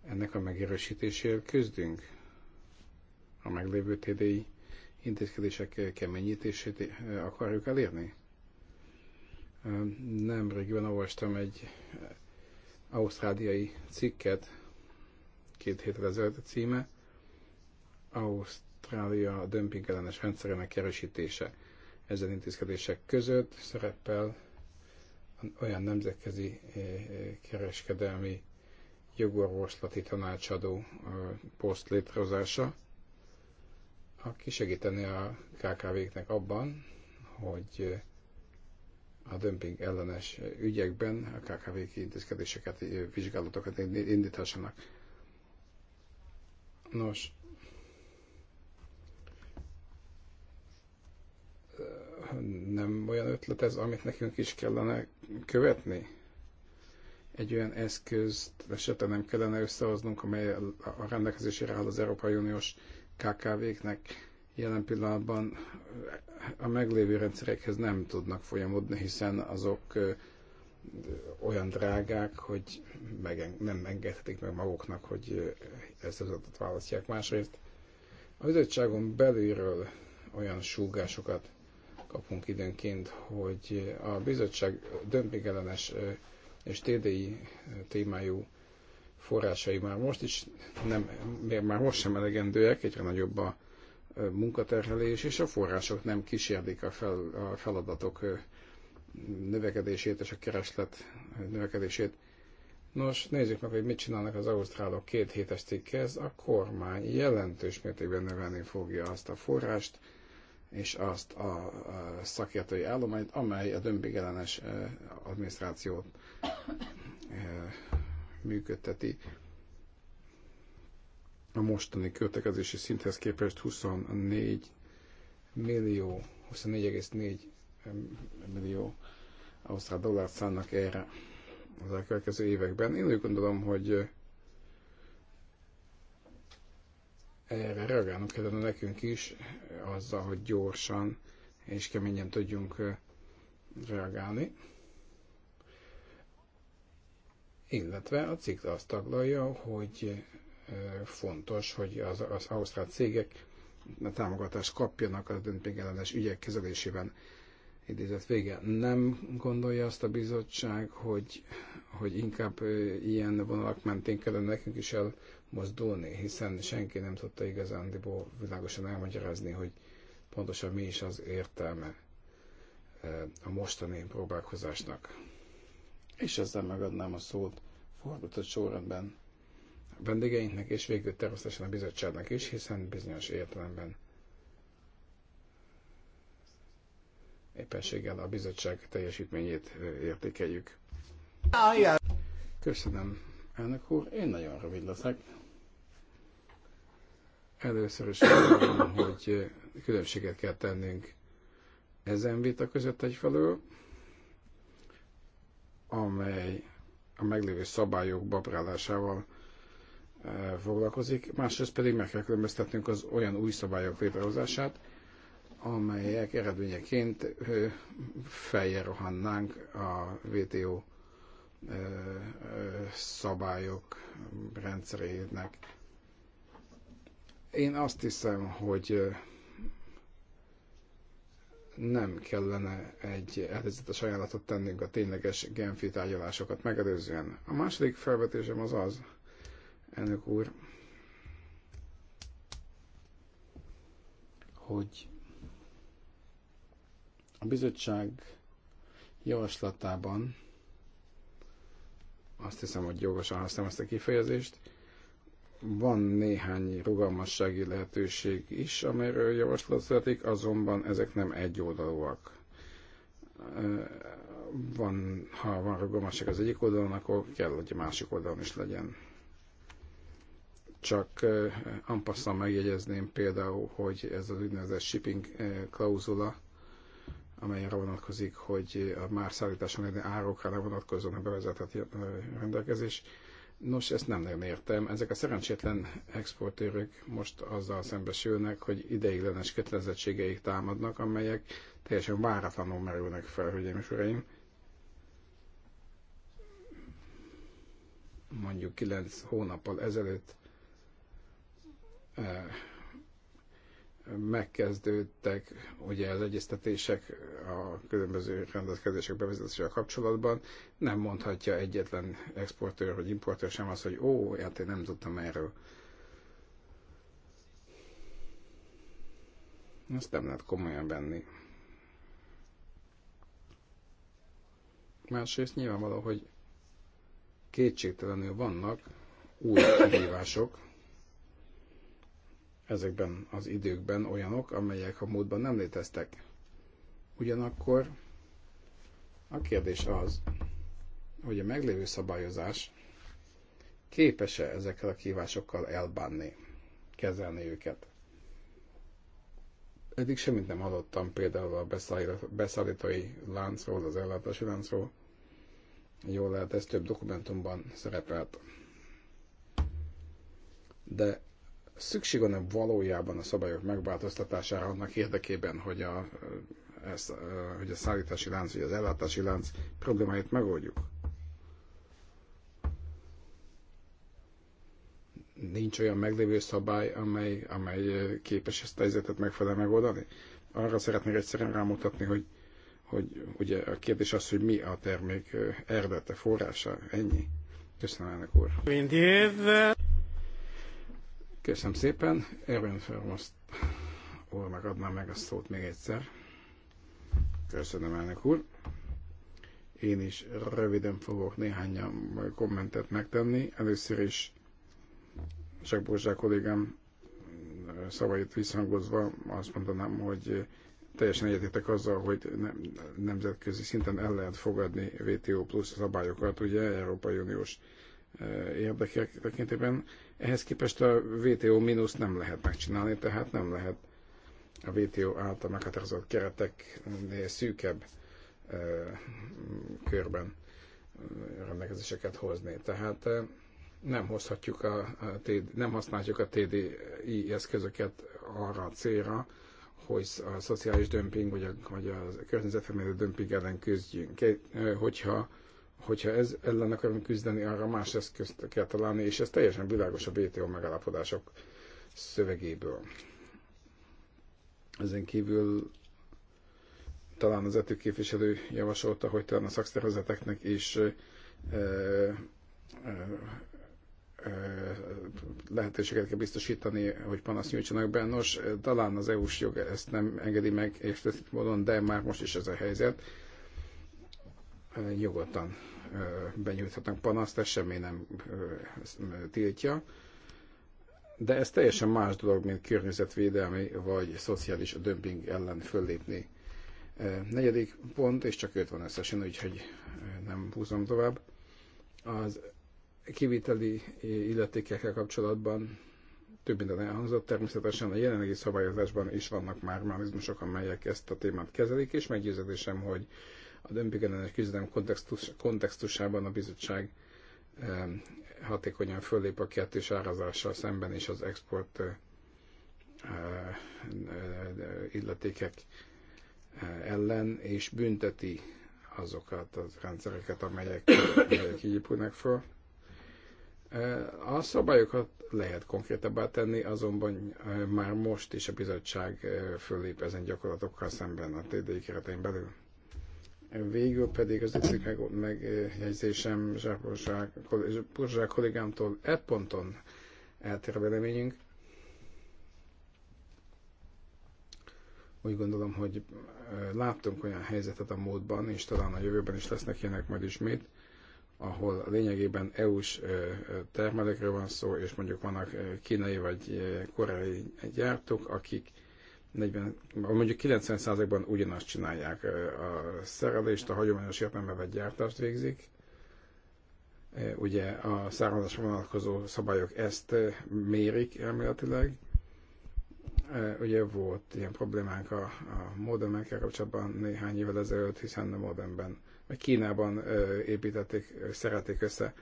Speaker 2: ennek a megerősítéséért küzdünk. A meglévő TDI intézkedések keményítését eh, akarjuk elérni. Nem régiben olvastam egy eh, ausztráliai cikket, két hétre ezelőtt a címe, Ausztrália ellenes rendszerének erősítése. Ezen intézkedések között szerepel olyan nemzetközi eh, kereskedelmi jogorvoslati tanácsadó poszt létrehozása, aki segíteni a KKV-knek abban, hogy a dömping ellenes ügyekben a KKV intézkedéseket, vizsgálatokat indíthassanak. Nos, nem olyan ötlet ez, amit nekünk is kellene követni? egy olyan eszközt esetleg nem kellene összehoznunk, amely a rendelkezésére áll az Európai Uniós KKV-knek jelen pillanatban a meglévő rendszerekhez nem tudnak folyamodni, hiszen azok olyan drágák, hogy megen, nem engedhetik meg maguknak, hogy ezt az adatot választják. Másrészt a bizottságon belülről olyan súgásokat kapunk időnként, hogy a bizottság dömpingellenes ellenes és tédei eh, témájú forrásai már most is nem, még már most sem elegendőek, egyre nagyobb a eh, munkaterhelés, és a források nem kísérdik a, fel, a feladatok eh, növekedését és a kereslet növekedését. Nos, nézzük meg, hogy mit csinálnak az ausztrálok két hétes cikkhez. A kormány jelentős mértékben növelni fogja azt a forrást, és azt a, a szakértői állományt, amely a dömpingellenes adminisztrációt működteti. A mostani költekezési szinthez képest 24 millió, 24,4 millió ausztrál dollárt szánnak erre az elkövetkező években. Én úgy gondolom, hogy erre reagálnunk kellene nekünk is, azzal, hogy gyorsan és keményen tudjunk reagálni. Illetve a cikk azt taglalja, hogy fontos, hogy az, az ausztrál cégek támogatást kapjanak a dömpingellenes ügyek kezelésében idézett vége. Nem gondolja azt a bizottság, hogy, hogy inkább ilyen vonalak mentén kellene nekünk is elmozdulni, hiszen senki nem tudta igazándiból világosan elmagyarázni, hogy pontosan mi is az értelme a mostani próbálkozásnak. És ezzel megadnám a szót fordított sorrendben a vendégeinknek, és végül természetesen a bizottságnak is, hiszen bizonyos értelemben éppenséggel a bizottság teljesítményét értékeljük. Köszönöm, elnök úr. Én nagyon rövid leszek. Először is mondom, hogy különbséget kell tennünk ezen vita között egyfelől, amely a meglévő szabályok babrálásával foglalkozik, másrészt pedig meg kell különböztetnünk az olyan új szabályok létrehozását, amelyek eredményeként feljel rohannánk a VTO szabályok rendszerének. Én azt hiszem, hogy nem kellene egy előzetes ajánlatot tennünk a tényleges genfi tárgyalásokat megelőzően. A második felvetésem az az, elnök úr, hogy a bizottság javaslatában azt hiszem, hogy jogosan használom ezt a kifejezést, van néhány rugalmassági lehetőség is, amelyről javaslat születik, azonban ezek nem egyoldalúak. Van, ha van rugalmasság az egyik oldalon, akkor kell, hogy a másik oldalon is legyen. Csak ampasszal megjegyezném például, hogy ez az úgynevezett shipping klauzula, amely arra vonatkozik, hogy a már szállításon lévő árokra ne vonatkozzon a bevezetett rendelkezés. Nos, ezt nem nagyon értem. Ezek a szerencsétlen exportőrök most azzal szembesülnek, hogy ideiglenes kötelezettségeik támadnak, amelyek teljesen váratlanul merülnek fel, hölgyeim és uraim. Mondjuk 9 hónappal ezelőtt megkezdődtek ugye az egyeztetések a különböző rendelkezések bevezetésével kapcsolatban, nem mondhatja egyetlen exportőr vagy importőr sem azt, hogy ó, hát én nem tudtam erről. Ezt nem lehet komolyan venni. Másrészt nyilvánvaló, hogy kétségtelenül vannak új kihívások, ezekben az időkben olyanok, amelyek a múltban nem léteztek. Ugyanakkor a kérdés az, hogy a meglévő szabályozás képes-e ezekkel a kívásokkal elbánni, kezelni őket. Eddig semmit nem hallottam például a beszállítói láncról, az ellátási láncról. Jól lehet, ez több dokumentumban szerepelt. De szükség van-e valójában a szabályok megváltoztatására annak érdekében, hogy a, ezt, hogy a szállítási lánc, vagy az ellátási lánc problémáit megoldjuk? Nincs olyan meglévő szabály, amely, amely képes ezt a helyzetet megfelelően megoldani? Arra szeretnék egyszerűen rámutatni, hogy, hogy ugye a kérdés az, hogy mi a termék eredete, forrása, ennyi. Köszönöm, elnök úr. Mindjárt. Köszönöm szépen. Erwin Fermos, úr megadnám meg a szót még egyszer. Köszönöm, elnök úr. Én is röviden fogok néhány kommentet megtenni. Először is csak Borzsák kollégám szavait visszhangozva azt mondanám, hogy teljesen egyetétek azzal, hogy nem, nemzetközi szinten el lehet fogadni WTO plusz szabályokat, ugye Európai Uniós eh, érdekek tekintében. Ehhez képest a WTO mínusz nem lehet megcsinálni, tehát nem lehet a WTO által meghatározott keretek szűkebb körben rendelkezéseket hozni. Tehát nem hozhatjuk a, a nem használjuk a TDI eszközöket arra a célra, hogy a szociális dömping vagy a, vagy a környezetfelmérő dömping ellen küzdjünk. Hogyha hogyha ez ellen akarunk küzdeni, arra más eszközt kell találni, és ez teljesen világos a BTO megállapodások szövegéből. Ezen kívül talán az etik képviselő javasolta, hogy talán a szakszervezeteknek is e, e, e, lehetőséget kell biztosítani, hogy panasz nyújtsanak be. Nos, talán az EU-s jog ezt nem engedi meg értetett módon, de már most is ez a helyzet nyugodtan benyújthatnak panaszt, ez semmi nem tiltja. De ez teljesen más dolog, mint környezetvédelmi vagy szociális dömping ellen föllépni. Negyedik pont, és csak öt van összesen, úgyhogy nem húzom tovább. Az kiviteli illetékekkel kapcsolatban több minden elhangzott, természetesen a jelenlegi szabályozásban is vannak már mechanizmusok, amelyek ezt a témát kezelik, és meggyőződésem, hogy a dömpingellenes küzdelem kontextus, kontextusában a bizottság hatékonyan föllép a kettős árazással szemben és az export illetékek ellen, és bünteti azokat az rendszereket, amelyek, amelyek így épülnek föl. A szabályokat lehet konkrétabbá tenni, azonban már most is a bizottság fölép ezen gyakorlatokkal szemben a TDI keretein belül. Végül pedig az egyik meg, megjegyzésem Zsák kollégámtól e ponton eltér a véleményünk. Úgy gondolom, hogy e, láttunk olyan helyzetet a módban, és talán a jövőben is lesznek ilyenek majd ismét, ahol lényegében EU-s e, e, termelőkről van szó, és mondjuk vannak kínai vagy koreai gyártók, akik 40, mondjuk 90%-ban ugyanazt csinálják. A szerelést, a hagyományos értelemben vett gyártást végzik. Ugye a származásra vonatkozó szabályok ezt mérik elméletileg. Ugye volt ilyen problémánk a, a modemekkel kapcsolatban néhány évvel ezelőtt, hiszen a modemben, vagy Kínában építették, szerették össze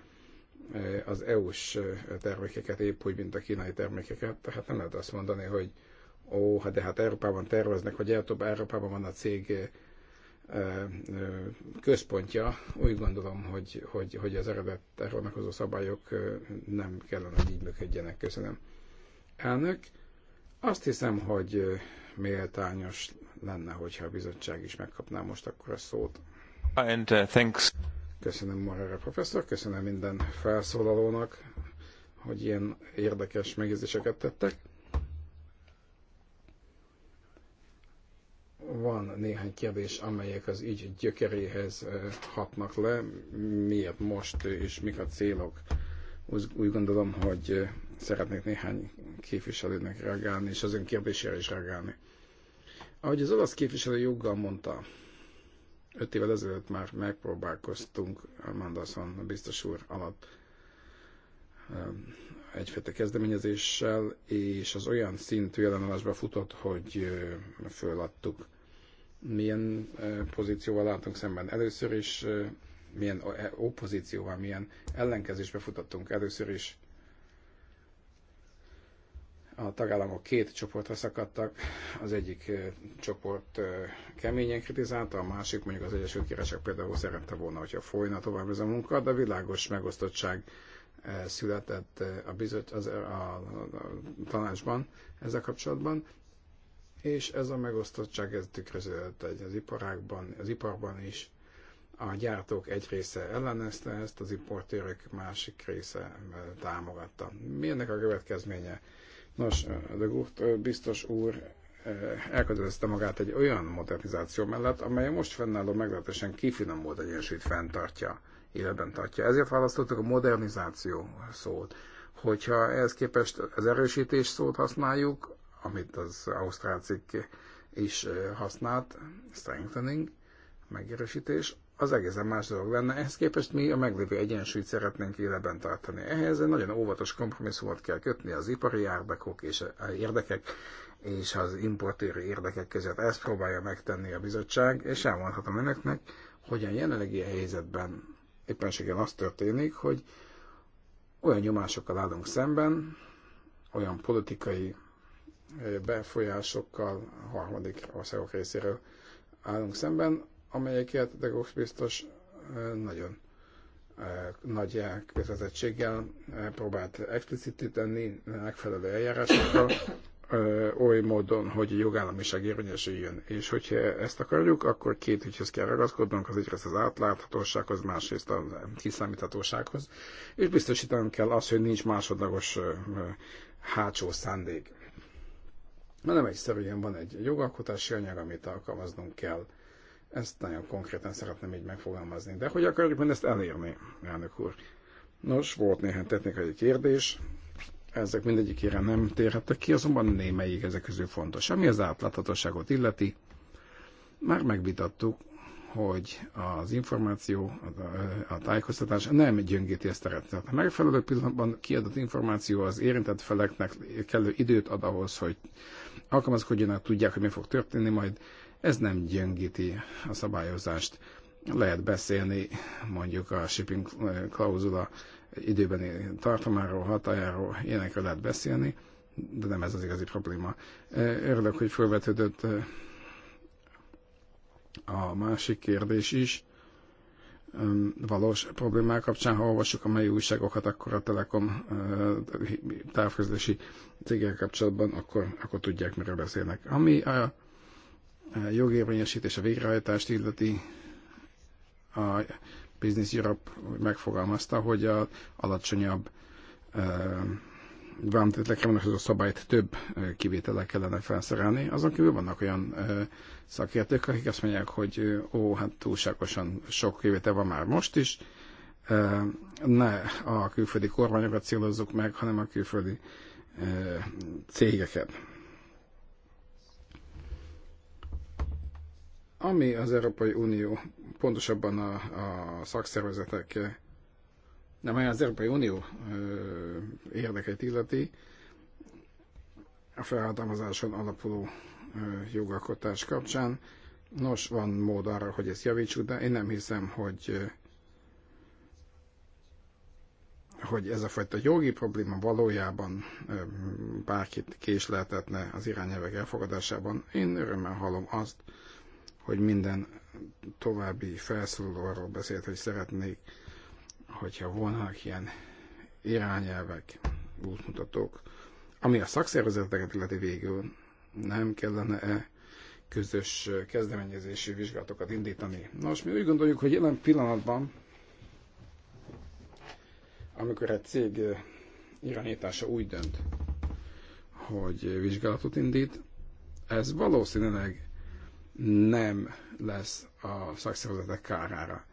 Speaker 2: az EU-s termékeket, épp úgy, mint a kínai termékeket. Tehát nem lehet azt mondani, hogy ó, hát de hát Európában terveznek, vagy előbb Európában van a cég központja, úgy gondolom, hogy, hogy, hogy az eredet vonatkozó szabályok nem kellene, hogy így működjenek. Köszönöm. Elnök, azt hiszem, hogy méltányos lenne, hogyha a bizottság is megkapná most akkor a szót. And,
Speaker 1: uh, thanks.
Speaker 2: Köszönöm Marara professzor, köszönöm minden felszólalónak, hogy ilyen érdekes megjegyzéseket tettek. van néhány kérdés, amelyek az ügy gyökeréhez hatnak le. Miért most és mik a célok? Úgy gondolom, hogy szeretnék néhány képviselőnek reagálni, és az ön kérdésére is reagálni. Ahogy az olasz képviselő joggal mondta, öt évvel ezelőtt már megpróbálkoztunk Mandelson biztos úr alatt egyfajta kezdeményezéssel, és az olyan szintű ellenállásba futott, hogy föladtuk milyen pozícióval látunk szemben. Először is milyen opozícióval, milyen ellenkezésbe futottunk. Először is a tagállamok két csoportra szakadtak, az egyik csoport keményen kritizálta, a másik mondjuk az Egyesült Királyság például szerette volna, hogyha folyna tovább ez a munka, de világos megosztottság született a, bizot, az, a, a, a tanácsban ezzel kapcsolatban és ez a megosztottság ez tükröződött egy az iparákban, az iparban is. A gyártók egy része ellenezte ezt, az importőrök másik része támogatta. Mi ennek a következménye? Nos, de Gurt biztos úr eh, elkötelezte magát egy olyan modernizáció mellett, amely a most fennálló meglehetősen kifinomult egyensúlyt fenntartja, életben tartja. Ezért választottuk a modernizáció szót. Hogyha ehhez képest az erősítés szót használjuk, amit az ausztrál cikk is használt, strengthening, megerősítés, az egészen más dolog lenne. Ehhez képest mi a meglévő egyensúlyt szeretnénk éleben tartani. Ehhez egy nagyon óvatos kompromisszumot kell kötni az ipari érdekok és érdekek és az importőri érdekek között. Ezt próbálja megtenni a bizottság, és elmondhatom önöknek, hogy a jelenlegi helyzetben éppenséggel az történik, hogy olyan nyomásokkal állunk szemben, olyan politikai befolyásokkal harmadik országok részéről állunk szemben, amelyeket de Gox biztos nagyon nagy közvetettséggel próbált explicitíteni megfelelő eljárásokkal, oly módon, hogy a jogállamiság érvényesüljön. És hogyha ezt akarjuk, akkor két ügyhöz kell ragaszkodnunk, az egyrészt az átláthatósághoz, másrészt a kiszámíthatósághoz, és biztosítanunk kell azt, hogy nincs másodlagos hátsó szándék hanem egyszerűen van egy jogalkotási anyag, amit alkalmaznunk kell. Ezt nagyon konkrétan szeretném így megfogalmazni. De hogy akarjuk mindezt elérni, elnök úr? Nos, volt néhány technikai kérdés, ezek mindegyikére nem térhettek ki, azonban némelyik ezek közül fontos. Ami az átláthatóságot illeti, már megvitattuk, hogy az információ, a, a tájékoztatás nem gyöngíti ezt a rendszert. A megfelelő pillanatban kiadott információ az érintett feleknek kellő időt ad ahhoz, hogy alkalmazkodjanak, tudják, hogy mi fog történni majd. Ez nem gyöngíti a szabályozást. Lehet beszélni mondjuk a shipping klauzula időbeni tartomáról, hatájáról, ilyenekről lehet beszélni, de nem ez az igazi probléma. Örülök, hogy felvetődött a másik kérdés is, valós problémák kapcsán, ha olvassuk a mai újságokat, akkor a Telekom távközlési cégek kapcsolatban, akkor, akkor tudják, miről beszélnek. Ami a jogérvényesítés, a végrehajtást illeti, a Business Europe megfogalmazta, hogy a alacsonyabb vámtétlekre vonatkozó szabályt több kivétele kellene felszerelni. Azon kívül vannak olyan szakértők, akik azt mondják, hogy ó, hát túlságosan sok kivétel van már most is, ne a külföldi kormányokat célozzuk meg, hanem a külföldi cégeket. Ami az Európai Unió, pontosabban a, a szakszervezetek de olyan az Európai Unió érdekeit illeti, a felhatalmazáson alapuló jogalkotás kapcsán. Nos, van mód arra, hogy ezt javítsuk, de én nem hiszem, hogy hogy ez a fajta jogi probléma valójában bárkit késleltetne az irányelvek elfogadásában. Én örömmel hallom azt, hogy minden további felszólaló arról beszélt, hogy szeretnék hogyha volnának ilyen irányelvek, útmutatók, ami a szakszervezeteket illeti végül, nem kellene-e közös kezdeményezési vizsgálatokat indítani. Nos, mi úgy gondoljuk, hogy jelen pillanatban, amikor egy cég e, irányítása úgy dönt, hogy vizsgálatot indít, ez valószínűleg nem lesz a szakszervezetek kárára.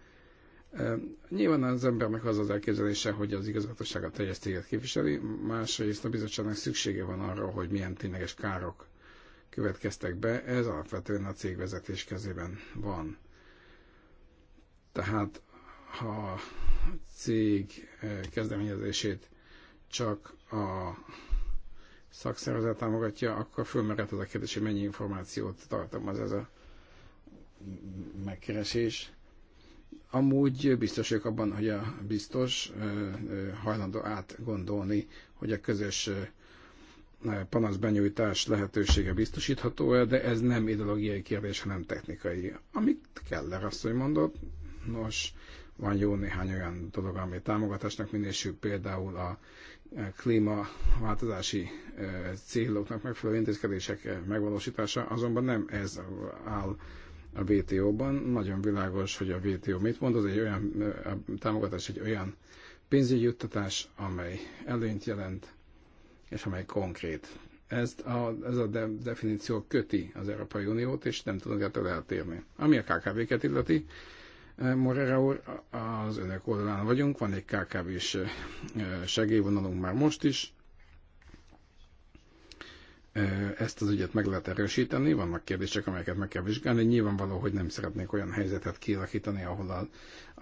Speaker 2: Nyilván az embernek az az elképzelése, hogy az igazgatóság a teljes céget képviseli, másrészt a bizottságnak szüksége van arra, hogy milyen tényleges károk következtek be, ez alapvetően a cégvezetés kezében van. Tehát ha a cég kezdeményezését csak a szakszervezet támogatja, akkor fölmerhet az a kérdés, hogy mennyi információt tartalmaz ez a megkeresés Amúgy biztos vagyok abban, hogy a biztos hajlandó átgondolni, hogy a közös panaszbenyújtás lehetősége biztosítható-e, de ez nem ideológiai kérdés, hanem technikai. Amit Keller asszony mondott, nos, van jó néhány olyan dolog, ami támogatásnak minősül, például a klímaváltozási céloknak megfelelő intézkedések megvalósítása, azonban nem ez áll a vto ban Nagyon világos, hogy a VTO mit mond, az egy olyan a támogatás, egy olyan pénzügyi juttatás, amely előnyt jelent, és amely konkrét. Ezt a, ez a de, definíció köti az Európai Uniót, és nem tudunk ettől eltérni. Ami a KKV-ket illeti, Morera úr, az önök oldalán vagyunk, van egy KKV-s segélyvonalunk már most is, ezt az ügyet meg lehet erősíteni, vannak kérdések, amelyeket meg kell vizsgálni. Nyilvánvaló, hogy nem szeretnék olyan helyzetet kialakítani, ahol a,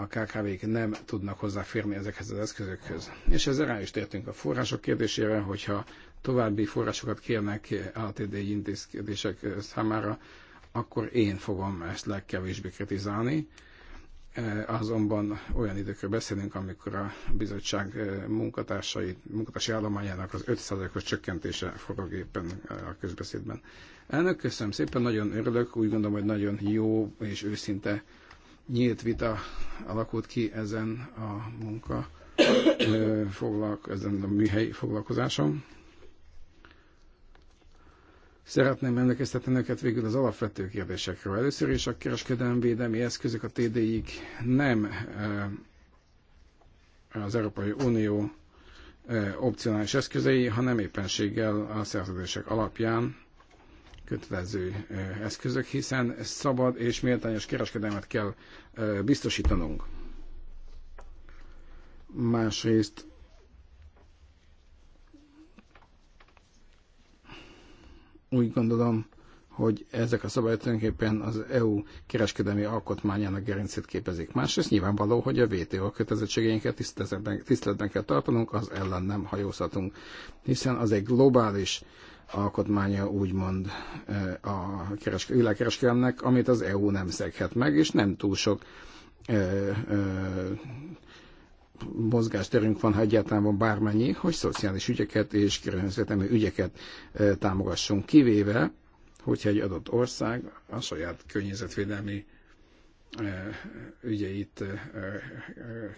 Speaker 2: a KKV-k nem tudnak hozzáférni ezekhez az eszközökhöz. És ezzel rá is tértünk a források kérdésére, hogyha további forrásokat kérnek ATD intézkedések számára, akkor én fogom ezt legkevésbé kritizálni Eh, azonban olyan időkről beszélünk, amikor a bizottság eh, munkatársai, munkatársi állományának az 5%-os csökkentése fogok éppen eh, a közbeszédben. Elnök, köszönöm szépen, nagyon örülök, úgy gondolom, hogy nagyon jó és őszinte nyílt vita alakult ki ezen a munka foglalko- ezen a műhelyi foglalkozáson. Szeretném emlékeztetni önöket végül az alapvető kérdésekről. Először is a védelmi eszközök, a TDI-k nem eh, az Európai Unió eh, opcionális eszközei, hanem éppenséggel a szerződések alapján kötelező eh, eszközök, hiszen szabad és méltányos kereskedelmet kell biztosítanunk. Másrészt Úgy gondolom, hogy ezek a szabályok tulajdonképpen az EU kereskedelmi alkotmányának gerincét képezik. Másrészt nyilvánvaló, hogy a WTO kötelezettségeinket tiszteletben, kell tartanunk, az ellen nem hajózhatunk, hiszen az egy globális alkotmánya úgymond e, a világkereskedelmnek, amit az EU nem szeghet meg, és nem túl sok e, e, mozgásterünk van, ha egyáltalán van bármennyi, hogy szociális ügyeket és környezetemi ügyeket eh, támogassunk, kivéve, hogyha egy adott ország a saját környezetvédelmi eh, ügyeit eh,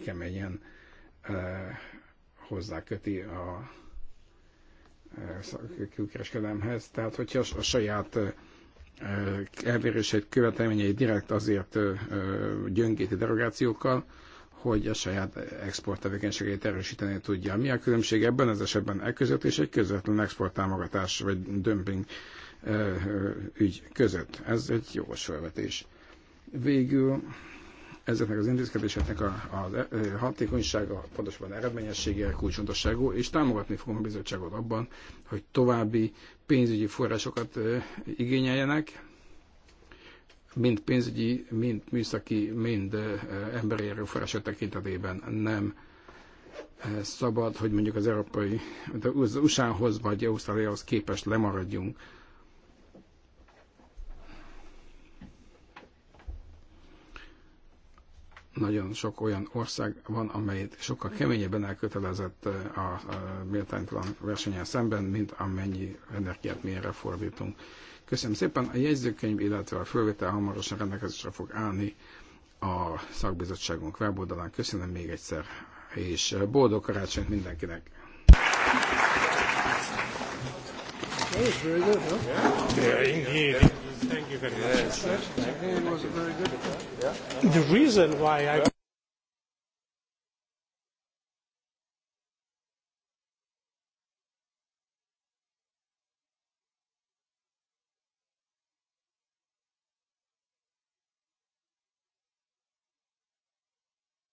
Speaker 2: keményen hozzáköti a külkereskedelmhez. Tehát, hogyha a saját elvérését követelményeit direkt azért gyöngíti derogációkkal, hogy a saját export tevékenységét erősíteni tudja. Mi a különbség ebben az esetben e között és egy közvetlen támogatás vagy dömping ügy között? Ez egy jogos felvetés. Végül ezeknek az intézkedéseknek a, a hatékonysága, pontosabban eredményessége kulcsontosságú, és támogatni fogom a bizottságot abban, hogy további pénzügyi forrásokat igényeljenek, mind pénzügyi, mind műszaki, mind emberi erőforrások tekintetében nem szabad, hogy mondjuk az európai, az USA-hoz vagy Ausztráliához képest lemaradjunk. Nagyon sok olyan ország van, amely sokkal keményebben elkötelezett a méltánytalan versenyen szemben, mint amennyi energiát mi erre fordítunk. Köszönöm szépen. A jegyzőkönyv, illetve a fölvétel hamarosan rendelkezésre fog állni a szakbizottságunk weboldalán. Köszönöm még egyszer, és boldog karácsonyt mindenkinek!
Speaker 4: The
Speaker 1: reason why I